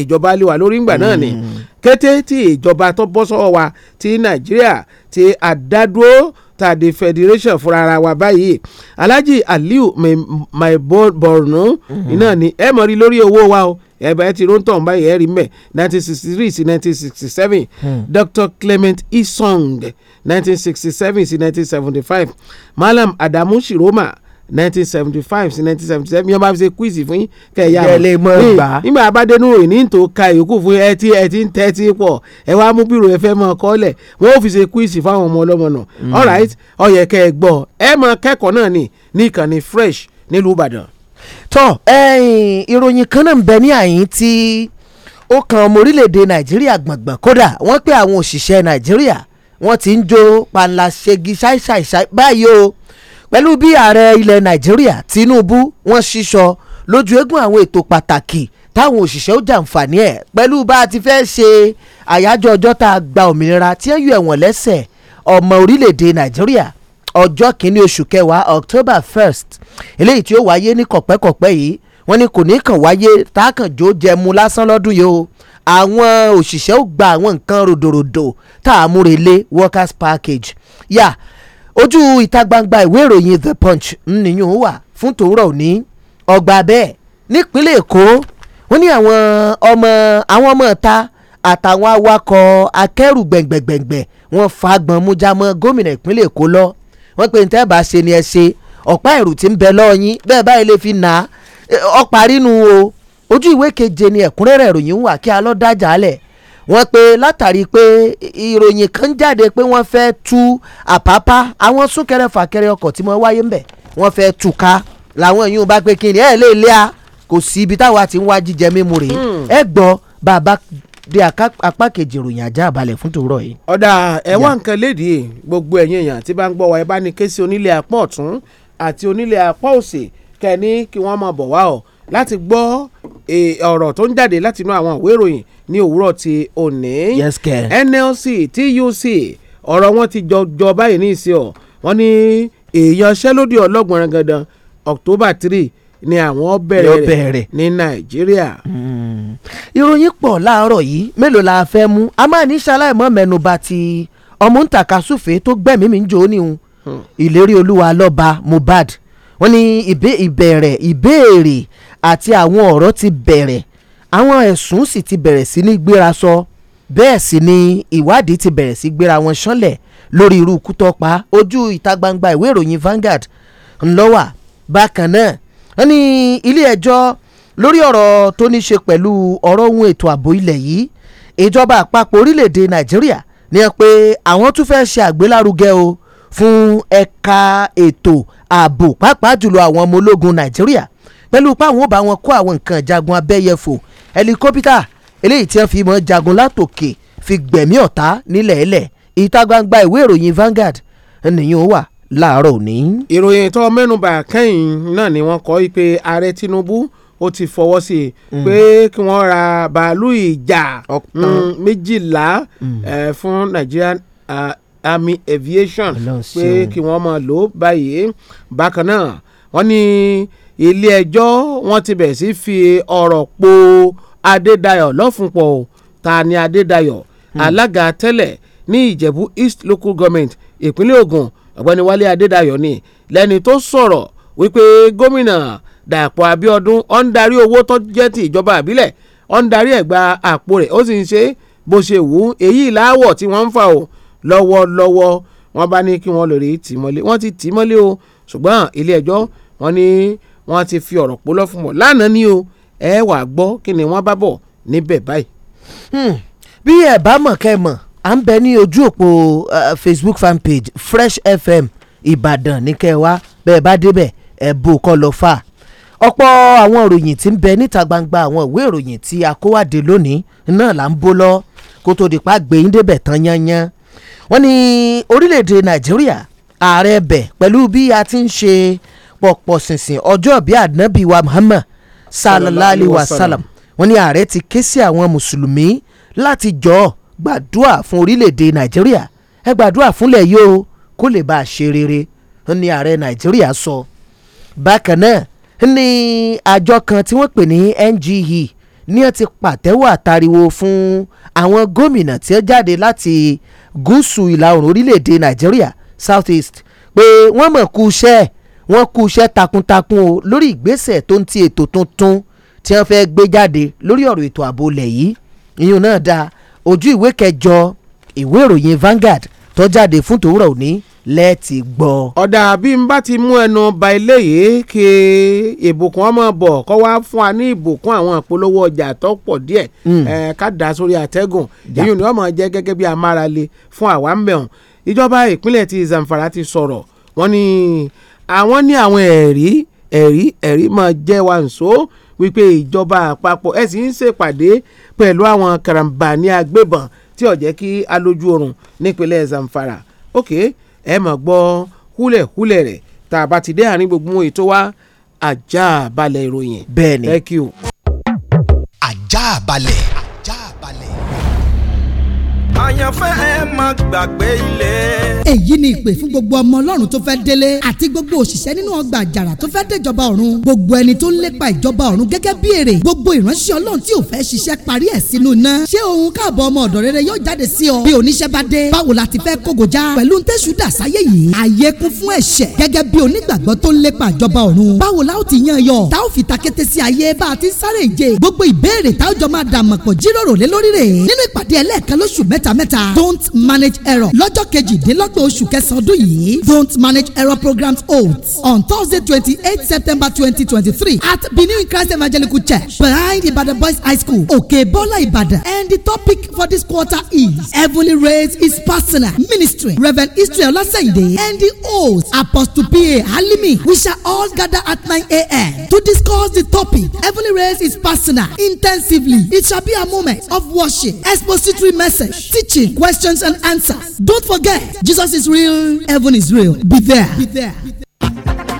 ìjọba lé lórí ńgbà náà ni mm. kété tí ìjọba tó bọ́ sọ́wọ́ wa ti nàìjíríà ti àdádúró tá a di federation fúnra ara wa báyìí Alhaji Aliu Maiborno mm-hmm. iná ni ẹ mọ̀ rí lórí owó wa o ẹ̀bà ẹ ti ló ń tọ̀ báyìí ẹ rí mẹ́ nineteen sixty three sí nineteen hmm. Dr Clement Isong 1967 sixty seven sí nineteen Malam Adamu Shiroma nineteen seventy five sí nineteen seventy seven yẹn bá fi ṣe quiz fún yín kẹ̀yà mọ̀ nígbà abádẹ́nu òní tó ka ìyókù fún ẹ tí ẹ ti ń tẹ́tí pọ̀ ẹ wá mú bírò ẹ fẹ́ mọ kọ́lẹ̀ wọ́n ó fi ṣe quiz fáwọn ọmọ ọlọ́mọ náà mm. all right ó yẹ kẹ́ ẹ gbọ́ ẹ mọ kẹ́kọ̀ọ́ náà ni ní ni fresh nílùú ìbàdàn. tọ́ ìròyìn kan náà ń bẹ ní àyín tí ó kan ọmọ orílẹ̀-èdè nàìjíríà gbọ̀ngbọ̀n kódà wọ́n pé àwọn òṣìṣẹ́ nàìjíríà wọ́n ti ń jó panla ṣegi ṣáìṣáì báyìí o pẹ̀lú bí ààrẹ ilẹ̀ nàìjíríà tinubu wọ́n ṣíṣọ lójú eégún àwọn ètò pàtàkì táwọn òṣìṣẹ́ ó jàǹfààní ẹ̀ pẹ̀lú bá a ti fẹ́ ṣe àyájọ́ ọjọ́ tá a gba òmìnira tí ẹ̀ yọ ẹ̀wọ̀n lẹ́sẹ̀ ọmọ orílẹ̀-èdè nàìjíríà ọjọ́ kìíní oṣù kẹwàá october first eléyìí tí ó wáyé ní kọ̀pẹ́kọ̀pẹ́ yìí wọ́n ní kò ní kàn wáyé tákànjó jẹmu lásán lọ́dún yìí o àwọn òṣìṣẹ́ ó gba àwọn nǹkan ròdòròdò tá a múre workers package yà yeah ojú ìta gbangba ìwé ìròyìn the punch nìyẹn wà fún tòwúrọ̀ òní ọgbà bẹ́ẹ̀ nípínlẹ̀ èkó wọ́n ní àwọn ọmọ àwọn ọmọ ta àtàwọn awakọ̀ akẹ́rù gbẹ̀ngbẹ̀gbẹ̀ngbẹ̀ wọ́n fagbọn mújà mọ́ gómìnà ìpínlẹ̀ èkó lọ wọ́n pe ntẹ́ bá ṣe ni ẹ ṣe ọ̀pá ẹ̀rù tí ń bẹ lọ́yìn bẹ́ẹ̀ báyìí lè fi nà á ọ̀parí nu o ojú ìwé keje ni ẹ̀kúnrẹ́rẹ́ ìròyìn wà kí a dájà lẹ̀ wọ́n pe látàrí pé ìròyìn kan jáde pé wọ́n fẹ́ tú àpápá àwọn súnkẹrẹ fàkẹrẹ ọkọ̀ tí wọ́n wáyé ń wọ́n fẹ́ tú ká làwọn yìí ń bá pé kíni ẹ̀ lè lé a kò sí ibi táwa ti ń wá jíjẹ mímu rèé hmm. ẹ gbọ́ bàbá de apá kejì ìròyìn ajá balẹ̀ fún tòórọ̀ yìí. ọ̀dà ẹ̀wọ̀n nǹkan lédi e. gbogbo ẹ̀yin èèyàn tí bá ń gbọ́ wa ẹ bá ní ké sí onílé apá ọ̀tún àti onílé apá òsì kẹ́ni kí wọ́n máa bọ̀ wá ọ̀ láti gbọ́ e, ọ̀rọ̀ tó ń jáde látinú àwọn ìwé ìròyìn ní òwúrọ̀ ti òní. yes kẹ́. NLC TUC ọ̀rọ̀ wọn ti jọjọ báyìí ní ìsìn ọ̀ wọ́n ní ìyanṣẹ́lódì ọlọ́gbọ̀n gangan October three ni àwọn bẹ̀rẹ̀ rẹ̀ ní Nàìjíríà. Hmm. ìròyìn pọ̀ láàárọ̀ yìí mélòó la fẹ́ mú a máa ní ṣaláìmọ́ mẹ́nuba ti ọmọ ń tàkasúfèé tó gbẹ̀mí mi ń jó níhun hmm. ìlérí olúwa lọ́ba Mohbad wọ́n ní ìbéèrè àti àwọn ọ̀rọ̀ ti bẹ̀rẹ̀ àwọn ẹ̀sùn sì ti bẹ̀rẹ̀ sí ní gbéra sọ bẹ́ẹ̀ sì ni ìwádìí ti bẹ̀rẹ̀ sí gbéra wọn ṣánlẹ̀ lórí irú ikú tó pa ojú ìta gbangba ìwé ìròyìn Vanguard ńlọ́wà bákan náà wọ́n ní ilé ẹjọ́ lórí ọ̀rọ̀ tó ní ṣe pẹ̀lú ọ̀rọ̀ ohun ètò ààbò ilẹ̀ yìí ìjọba àpapọ̀ orílẹ̀-èdè Nàìjíríà ní ẹ pé àwọn tún fẹ́ ṣe àgbélárugẹ o fún ẹ̀ka ètò ààbò pàápàá jùlọ àwọn ọmọ ológun Nàìjíríà pẹ̀lú pé àwọn ò bá wọn kó àwọn nǹkan jagun abẹ́yẹfò ẹlikọ́pítà eléyìí tí wọ́n fi mọ́ jagun látòkè fi gbẹ̀mí ọ̀tá nílẹ̀ ẹ̀lẹ̀ ìta gbangba ìwé ìròyìn Vanguard nìyí wà láàárọ̀ òní. ìròyìn tó mẹ́nubà kẹ́yìn náà ni wọ́n kọ́ pé ààrẹ Tinubu ó ti fọwọ́ sí i mm. pé kí wọ́n ra bàálù ìjà mm, méjìlá mm. fún Nigerian Army Aviation pé kí wọ́n máa lò báyìí bákan náà wọ́n ní. Ni ilé ẹjọ́ wọ́n ti bẹ̀ sí fi ọ̀rọ̀ po Adédayọ̀ lọ́fùnpọ̀ o ta ni Adédayọ̀ hmm. alága tẹ́lẹ̀ ní Ìjẹ̀bú East Local Government ìpínlẹ̀ Ògùn ọ̀gbẹ́ni Wálé Adédayọ̀ ni lẹ́ni tó sọ̀rọ̀ wípé gómìnà Dàpọ̀ Abíọ́dún ó ń darí owó tó jẹ́ ti ìjọba àbílẹ̀ ó ń darí ẹ̀ gba àpò rẹ̀ ó sì ń ṣe bó ṣe wù ú èyí láàwọ̀ tí wọ́n ń fà ó lọ́wọ́lọ́wọ́ wọ́n bá ní kí wọ́n lè rí tìmọ́lé wọ́n ti tìmọ́lé o ṣùgbọ́n ilé ẹjọ́ wọ́n ní wọ́n ti fi ọ̀rọ̀ pólọ́ fún wọn lánàá ni o ẹ wà gbọ́ kí ni wọ́n bá bọ̀ níbẹ̀ báyìí. Hmm. bí ẹ bá mọ̀ kẹ́ mọ̀ à ń bẹ ní ojú òpó Facebook fan page Fresh FM Ìbàdàn ní kẹ́ wá bẹ́ẹ̀ bá débẹ̀ ẹ bò kọ́ lọ fà ọ̀pọ̀ àwọn ìròyìn tí ń bẹ níta gbangba àwọn ìwé ìròyìn tí a kó wá dé lónìí náà là ń bó lọ kó tó di pa gbẹ̀yìn débẹ̀ tán yányán wọ́n ní orílẹ̀-èdè Nàìjíríà ààrẹ bẹ̀ pẹ̀lú bí a ti ń ṣe pọ̀pọ̀ ṣìnṣìn ọjọ́ bíi ànábì wa Muhammad sallallahu alayhi wa sallam wọ́n ní ààrẹ ti ké sí àwọn mùsùlùmí láti jọ gbàdúrà fún orílẹ̀-èdè Nàìjíríà ẹ gbàdúrà fúnlẹ̀ yìí o kó lè bá a ṣe rere wọ́n ní ààrẹ Nàìjíríà sọ bákan náà ní àjọ kan tí wọ́n pè ní NGE ní wọ́n ti pàtẹ́wọ́ àtàriwo fún àwọn gómìnà tí ó jáde láti gúúsù ìlà oòrùn orílẹ̀-èdè Nàìjíríà South East pé wọ́n mọ̀ kú iṣẹ́ ẹ̀ wọ́n kú iṣẹ́ takuntakun o lórí ìgbésẹ̀ tó ń ti ètò tuntun tí wọ́n fẹ́ẹ́ gbé jáde lórí ọ̀rọ̀ ètò ààbò ilẹ̀ yìí ìyún náà da ojú ìwé kẹjọ ìwé ìròyìn Vanguard tó jáde fún tòwúrọ̀ òní lẹ́ẹ̀tì gbọ́. ọ̀dà bí n bá ti mú ẹnu ba ilé yìí kí ìbùkún ọmọ bọ̀ kọ́ wá fún wa ní ìbùkún àwọn ìpolówó ọjà tó pọ̀ díẹ̀ hmm. ká dà sórí àtẹ́gùn ìyún ni ọmọ jẹ́ gẹ́gẹ́ bí amárale fún àwa ń ìjọba ìpínlẹ̀ ti Zamfara ti sọ̀rọ̀ wọ́n ní àwọn ní àwọn ẹ̀rí ẹ̀rí ẹ̀rí máa jẹ́ wa nṣó wípé ìjọba àpapọ̀ ẹ̀ sì ń ṣèpàdé pẹ̀lú àwọn karambà ní agbébọn tí ó jẹ́ kí alójú oorun nípínlẹ̀ Zamfara ok ẹ máa gbọ́ húlẹ̀húlẹ̀ rẹ̀ tá a bá ti dé àárín gbogbo ètò wa ajá balẹ̀ ìròyìn. bẹ́ẹ̀ni thank you. ajá balẹ̀ àyànfẹ́ ẹ má gbàgbé ilé. èyí ni ìpè fún gbogbo ọmọ ọlọ́run tó fẹ́ délé àti gbogbo òṣìṣẹ́ nínú ọgbà àjàrà tó fẹ́ déjọba ọ̀run gbogbo ẹni tó ń lépa ìjọba ọ̀run gẹ́gẹ́ bí èrè gbogbo ìránṣẹ́ ọlọ́run tí ò fẹ́ ṣiṣẹ́ parí ẹ̀ sínú iná ṣé òun káàbọ̀ ọmọ ọ̀dọ̀ rere yóò jáde sí ọ bí oníṣẹ́ bá dé báwo la ti fẹ́ kógojá pẹ̀lú ntẹ́sù dàsáyé yìí àyè kún fún ẹ̀ṣẹ̀ gẹ́gẹ́ bí onígbàgbọ́ tó ń lépa ìjọba ti yan yọ tá mẹ́tamẹ́ta don't manage error lọ́jọ́ kejìdínlọ́gbọ̀n oṣù kẹsàn-án ọdún yìí don't manage error programs holds on thursday twenty eight september twenty twenty three at benin christ evangelical church behind ibadan boys high school Okay, okebola ibadan and the topic for this quarter is heavenly raise his personal ministry reverend israel olaseyinde and the host apostle pa halimi we shall all gather at nine a.m. to discuss the topic heavenly raise his personal intensively it shall be a moment of worship expository message teaching, questions and answers. Don't forget, Jesus is real, heaven is real. Be there. Be there. Be there.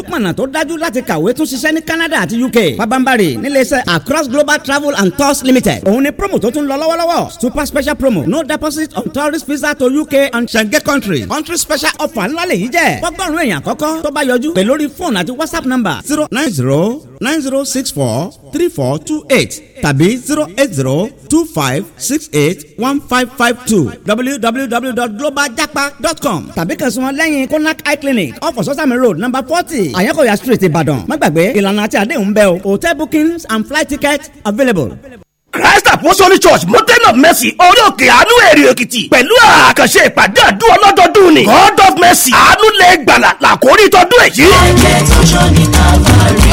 lójúpọ̀nà tó dájú láti kàwé tún ṣiṣẹ́ ní Canada àti UK pabambari níléeṣẹ́ Across Global Travel and Tours Limited òun ni promo tó tún lọ lọ́wọ́lọ́wọ́ super special promo no deposit on tourist visa to UK and Schengen country country special offer ńlá lèyí jẹ́ fọ́gbọ́n èèyàn àkọ́kọ́ tó bá yọjú pè fóònù àti WhatsApp number zero nine zero nine zero six four three four two eight tàbí zero eight zero two five six eight one five five two www.globaljapa.com tàbí kàn sí wọn lẹ́yìn konak eye clinic off of sosami road number forty àyànkòyà street ìbàdàn má gbàgbé ìlànà àti àdéhùn bẹ́ẹ̀ o hotel bookings and flight tickets available. Christ Apostolic Church Mountain of Mercy orí òkè àánú èrè èkìtì pẹ̀lú àkànṣe ìpàdé àdúrà ọlọ́dọọdún ni God of Mercy àánú lè gbàlà làkórí tọdún èyí. Ẹ̀jẹ̀ tó ṣọ́ ní Calvary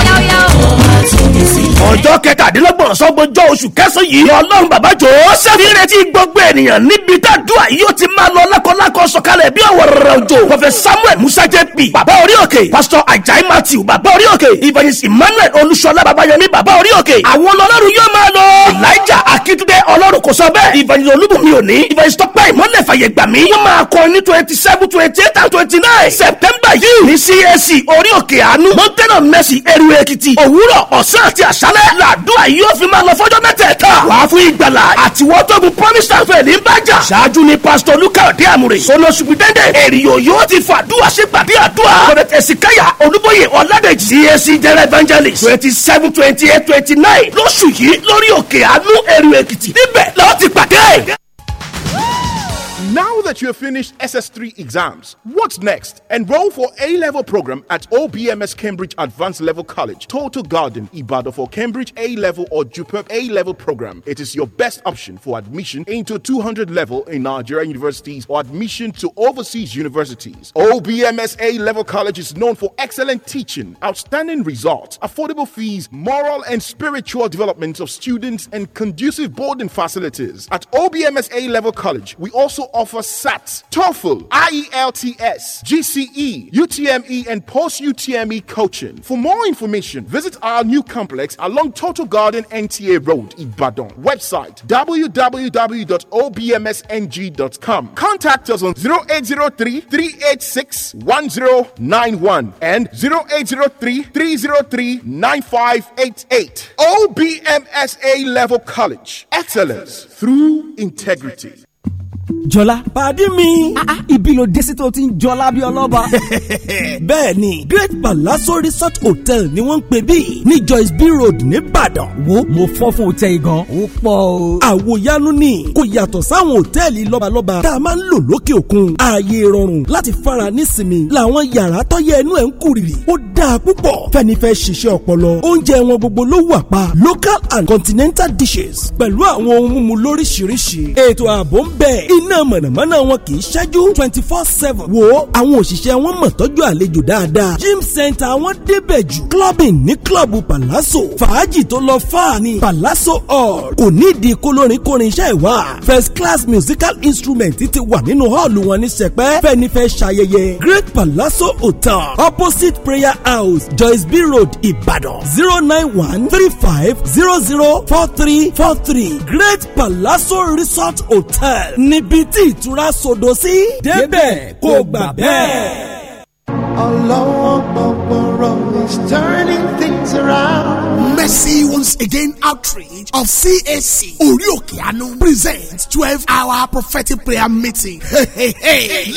ọjọ́ kẹtàdínlọ́gbọ̀n sọ́gbọ́njọ́ oṣù kẹsàn yìí ni ọlọ́run bàbá jò ó sẹ́fì retí gbogbo ènìyàn níbi tàdúrà yóò ti máa lọ lákọlákọ sọ̀kalẹ̀ bí ọ̀wọ̀ rẹ̀ òjò prọfẹ̀ samuel musa jp bàbá orí òkè pásítọ̀ ajayi matthew bàbá orí òkè evangelist emmanuel olúṣọlá babayẹmí bàbá orí òkè àwọn ọlọ́run yóò máa lọ elijah akitunde ọlọ́run kò sọ bẹ́ẹ̀ evangelist olúbùnmi òní evangelist tọ́pẹ́ ìmọ̀lẹ̀ fàyè gbà mí wọ́n máa kọ ní twenty seven twenty eight and twenty nine september yìí ní cac orí òkè àánú mountain of mercy eru èkìtì òwúrọ̀ ọ̀sán àti àṣálẹ̀ làdúrà yóò fi máa lọ fọ́jọ́ mẹ́tẹ̀ẹ̀ta wàá fún ìgbàlà àtiwọ́ tó bu promise transfer ní bàjá ṣáájú ni pastor luka òde àmúre sọlọ ṣùgbìdẹ́ndẹ̀ èrìyò yóò ti fàdúrà sí gbàdí àdúrà kọ̀dẹ̀tì ẹ̀sìnkáyà olúbóyè ọ̀làdẹ̀jì cac jẹ́rẹ̀ evangelist twenty seven twenty eight twenty nine lóṣù yìí lórí òkè àánú èrò èkìtì níbẹ̀ lọ́ọ́ ti pàdé. now that you have finished SS3 exams, what's next? Enroll for A-level program at OBMS Cambridge Advanced Level College, Total Garden, Ibadan for Cambridge A-level or Jupiter A-level program. It is your best option for admission into 200 level in Nigerian universities or admission to overseas universities. OBMS A-level college is known for excellent teaching, outstanding results, affordable fees, moral and spiritual development of students, and conducive boarding facilities. At OBMS A-level college, we also offer SAT, TOEFL, IELTS, GCE, UTME, and post UTME coaching. For more information, visit our new complex along Total Garden NTA Road, Ibadan. Website www.obmsng.com. Contact us on 0803 386 1091 and 0803 303 9588. OBMSA Level College. Excellence through integrity. jọlá. pàdí mi. Ah, ah, ibi ló dé sí tó ti ń jọlá bí ọlọ́ba. bẹ́ẹ̀ni Great Palazzo Resort Hotel ni wọ́n ń pè bí ní Joyce B Road nìbàdàn. wo mo fọ́ fún hòtẹ́ igan. ó pọ̀ o. àwòyánu ni kò yàtọ̀ sáwọn hòtẹ́ẹ̀lì lọ́balọ́ba tá a máa ń lò lókè òkun. ààyè ìrọ̀rùn láti fara nísìmí làwọn yàrá tọ́yẹ ẹnu ẹ̀ ń kúrìrì. ó dáa púpọ̀ fẹ́nifẹ́ ṣiṣẹ́ ọpọlọ. oúnjẹ wọn gbogbo ló wà pa local and continental dishes pẹ̀lú àwọn ohun mímu lóríṣiríṣi. ètò ààbò ń bẹ iná mọ̀nàmọ́ná wọn kì í ṣẹ́jú twenty four seven wo àwọn òṣìṣẹ́ wọn mọ̀ tọ́jú àlejò dáadáa gym center wọn débẹ̀ jù clubbing ní club palazzo fàájì tó lọ fáà ní palazzo hall kò nídìí kólórin kórin iṣẹ́ ìwà first class musical instrument ti wà nínú hall wọn ní sẹpẹ́ fẹ́ni fẹ́ ṣayẹyẹ great palazzo hotel opposite prayer house joyce b road ìbàdàn zero nine one three five zero zero four three four three great palazzo resort hotel níbẹ̀ ibi tí ìtura sòdò sí débẹ̀ kò gbà bẹ́ẹ̀. Mercy once again outreach of CAC Anu presents twelve hour prophetic prayer meeting.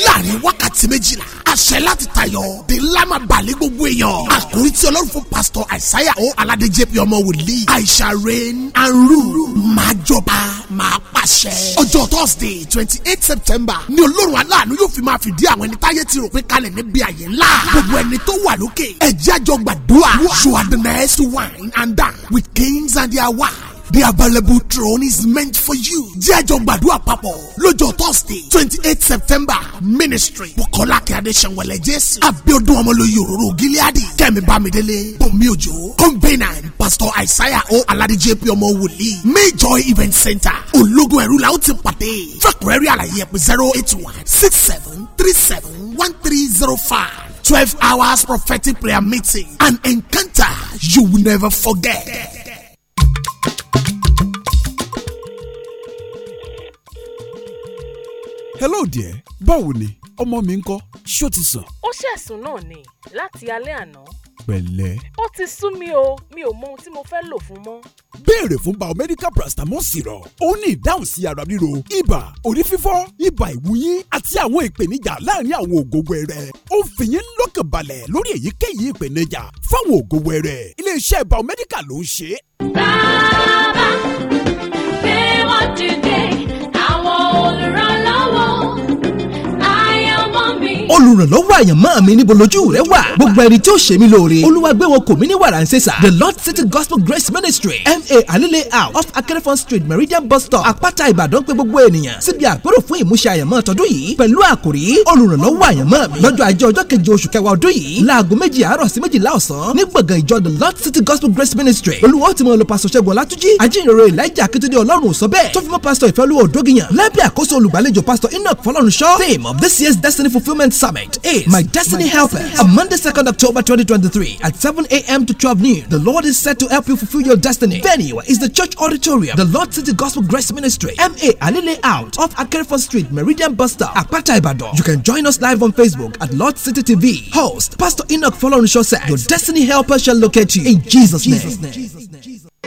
Láàrin wákàtí méjìlá àṣẹ láti tayọ di ńlá máa balẹ̀ gbogbo èèyàn. àkòrí tí ọlọ́run fún pásítọ̀ àìsáyà ó aládé jp ọmọ wòlíì àìsà rain and rule máa jọba máa pàṣẹ. ọjọ́ thursday twenty eight september ni ọlọ́run aláàánú yóò fi máa fìdí àwọn ẹni táyé ti rò pé kalẹ̀ níbi àyè ńlá. gbogbo ẹni tó wà lókè ẹ̀jẹ̀ àjọ gbàdúrà. you are the next wine and dine with kings and their wives. The available throne is meant for you. Jẹ́ àjọ gbàdúrà papọ̀ lọ́jọ́ Thursday twenty eight September ministry Bukola Akíade Sanwó-Ẹlẹ́ Jésù Abiodun Ọmọlóye Òróró Gileadi Kẹ́mi Bámidélé Bùnmi Òjò Combinant Pastor Isaiah O Aládé JP Ọmọ Wòlíì Major Event Center Ológun Ẹ̀rú la ó ti pàdé. Fẹ́kùrẹ́rì àlàyé ẹ̀pẹ̀ zero eight one six seven three seven one three zero five. 12 hours prophetic prayer meeting, an encounter you will never forget. hello there, báwo ni ọmọ mi ń kọ́ ṣó ti sàn. ó ṣẹ̀sùn náà ni láti alẹ́ àná. pẹ̀lẹ́. ó ti sú mi o mi ò mọ ohun tí mo fẹ́ lò fún mọ́. béèrè fún biomedical paracetamol syrup ó ní ìdáhùn sí ara ríro ibà orí fífọ́ ibà ìwúyín àti àwọn ìpèníjà láàrin àwọn ògo wẹrẹ ó ń fi yín lọ́kàn balẹ̀ lórí èyíkéyìí ìpèníjà fáwọn ògo wẹrẹ iléeṣẹ́ biomedical ló ń ṣe. báà olùrànlọ́wọ́ àyànmọ́ mi níbo lójú rẹ wà gbogbo ẹni tí ó ṣe mí lóore olúwàgbéwò kò mí ní wàrà ń ṣèṣà the lord city gospel grace ministry ma alile house off akẹ́rẹ́fọ́n street meridian bus stop àpáta ìbàdàn pé gbogbo ènìyàn síbi àpérò fún ìmúṣẹ àyànmọ́ tọdún yìí pẹ̀lú àkòrí olùrànlọ́wọ́ àyànmọ́ mi lọ́jọ́ ajé ọjọ́ keje oṣù kẹwàá ọdún yìí láago méjì àárọ̀ sí méjìlá ọ̀sán ní gbọ̀ngàn ìjọ the lord city gospel grace ministry olúwo ti mọ lọ pásítọ̀ ṣẹ́gun ọlátújì ajínrere elijah akitunde ọlọ́run sọ bẹ́ẹ̀ tó fi mọ́ pásítọ̀ ìfẹ́olúwa òdógìyàn lábẹ́ àkóso olùgbàlejò pásítọ̀ enoch fọlọ́runṣọ́ theme of this year's destiny fulfilment service Summit is my destiny helper. on Monday, 2nd October 2023 at 7 a.m. to 12 noon. The Lord is set to help you fulfill your destiny. Venue is the Church Auditorium, the Lord City Gospel Grace Ministry, MA Alile Out off Akerfo Street, Meridian Buster, Akpata Ibadan. You can join us live on Facebook at Lord City TV. Host Pastor Enoch Folorunsho says, Your destiny helper shall locate you in Jesus' name. Jesus name. Jesus name. Jesus name.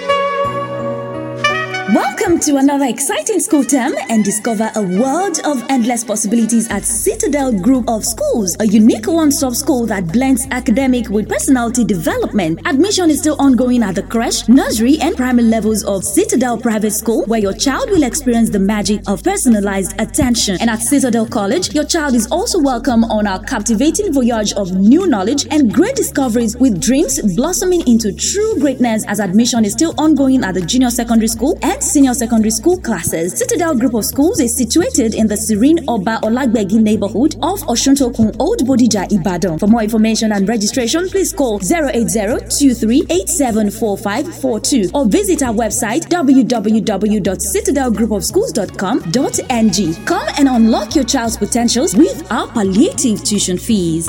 Welcome to another exciting school term and discover a world of endless possibilities at Citadel Group of Schools, a unique one stop school that blends academic with personality development. Admission is still ongoing at the creche, nursery, and primary levels of Citadel Private School, where your child will experience the magic of personalized attention. And at Citadel College, your child is also welcome on our captivating voyage of new knowledge and great discoveries with dreams blossoming into true greatness as admission is still ongoing at the junior secondary school and senior Secondary School classes. Citadel Group of Schools is situated in the serene Oba Olagbegi neighborhood of Oshuntokun Old Bodija, Ibadan. For more information and registration, please call 80 or visit our website www.citadelgroupofschools.com.ng. Come and unlock your child's potentials with our palliative tuition fees.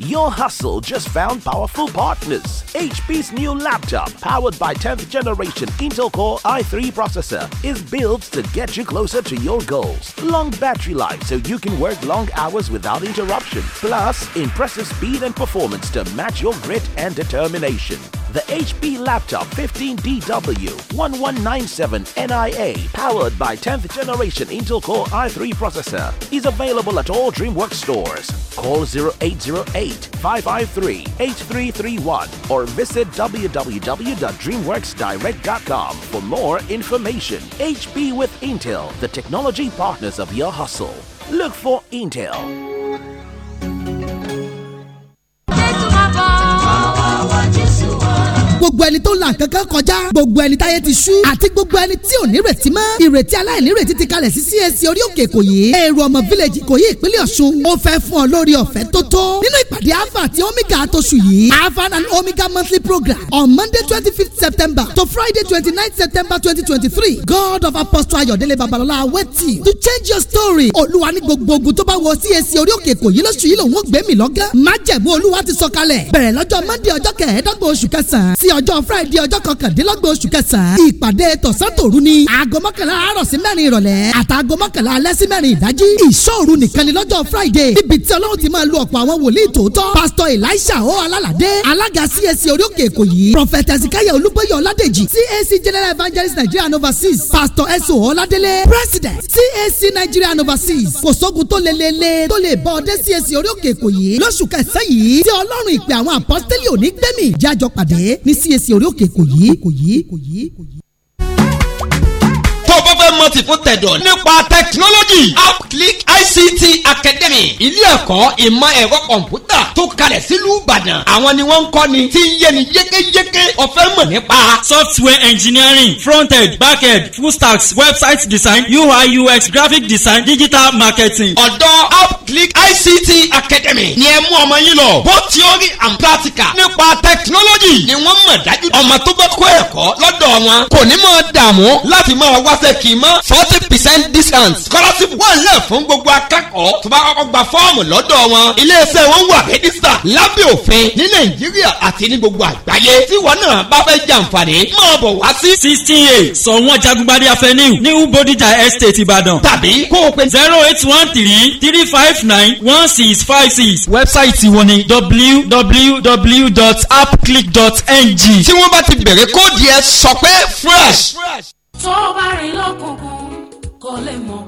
Your hustle just found powerful partners. HP's new laptop, powered by 10th generation Intel Core i3 processor, is built to get you closer to your goals. Long battery life so you can work long hours without interruption. Plus, impressive speed and performance to match your grit and determination. The HP Laptop 15DW1197NIA, powered by 10th generation Intel Core i3 processor, is available at all DreamWorks stores. Call 0808 888-553-8331 or visit www.dreamworksdirect.com for more information. HP with Intel, the technology partners of your hustle. Look for Intel. gbogbo ẹni tó là kankan kọjá gbogbo ẹni táyé ti sú àti gbogbo ẹni tí ò nírètí mọ́ ìrètí aláìnírètí ti kalẹ̀ sí CAC e orí òkè Ìkòyí èrò ọmọ village Ìkòyí ìpínlẹ̀ Ọ̀ṣun ó fẹ́ fún ọ lórí ọ̀fẹ́ tó tó nínú ìpàdé alpha àti omega àtọ̀sù yìí alpha and omega monthly program on Monday twenty fifth September to Friday twenty ninth September twenty twenty three God of Apostle Ayọ̀délé Babalọ́lá awẹ́tì to change your story olúwa ní gbogbo ogun tó bá wọ CAC e orí òkè Ìkòyí lóṣù yìí lòun ó gbẹ̀mí lọ́gán májẹ̀mú olúwa ti sọ kalẹ̀ bẹ̀rẹ̀ lọ́jọ́ Monday ọjọ́ kẹẹ̀ẹ́dọ́gbọ̀n oṣù kẹsàn-án sí ọjọ́ friday ọjọ́ kọkàndínlọ́gbọ̀n oṣù kẹsàn-án ìpàdé tọ̀sán-tòru ni aago mọ́kànlá àárọ̀ sí mẹ́rin ìrọ̀lẹ́ àtàgọ́ mọ́kànlá alẹ́ sí mẹ́rin ìdájí ìṣòru nìkan ni lọ́jọ́ friday níbi tí ọlọ́run ti máa lu ọ̀pọ̀ àwọn wòlíì tòótọ́ pásítọ̀ elisha o alálàdé alága cac orí òkè èkó yìí prọfẹtẹ sikaya olúgbóyè ọládèjì cac general evangelist nigeria and overseas pásítọ̀ eso ọládélé president cac nigeria and overseas kò sógun tó lelele tó lè bọ́ ọdẹ cac orí òkè èkó yìí lóṣù kẹsàn-án yìí tí ọlọ́run ìpè àwọn apọ́sítélì òní gbẹ̀mí jájọ pàdé ní cac orí òkè kò yí bó fẹ́ mọ ti fún tẹ̀dọ̀ nípa tẹkinọ́lọ́jì Upclick ICT Academy ilé ẹ̀kọ́ ìmọ̀ ẹ̀rọ kọ̀m̀pútà tó kalẹ̀ sílùú Ìbàdàn àwọn ni wọ́n ń kọ́ ni tí ń yé ni yékéyéké ọ̀fẹ́ mọ̀ nípa. software engineering front-end back-end full stacks, website design UI UX graphic design digital marketing. ọ̀dọ́ up click ict academy ni ẹ mú ọmọ yín lọ both theory and practical nípa technology ni wọ́n mọ̀ dájú ọmọ tó bá kọ́ ẹ̀kọ́ lọ́dọ̀ wọn kò ní mọ̀ dààmú láti máa wáṣẹ́ kì í mọ́ forty percent discount scholarship wọ́n lẹ̀ fún gbogbo akẹ́kọ̀ọ́ tó bá kọ́kọ́ gba fọ́ọ̀mù lọ́dọ̀ wọn iléeṣẹ́ wọn wà rẹ́díṣà lábẹ́ òfin ní nàìjíríà àti ní gbogbo àgbáyé tí wọn náà bá fẹ́ jàǹfààní máa bọ̀ wá sí. sixteen eight sọ wọn jagunbari avenue new bodija estate ibadan. tàbí kó o pe zero eight one three three five five nine one six five six wẹ́bsáìtì wọn ni www.appclick.ng. tí wọ́n bá ti bẹ̀rẹ̀ kóòdù yẹn sọ pé fresh. tó bá rìn lọ́kùnkùn kò lè mọ̀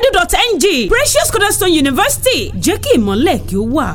edu.ng Precious Cornerstone University jẹ́ kí ìmọ̀lẹ̀ kí ó wà.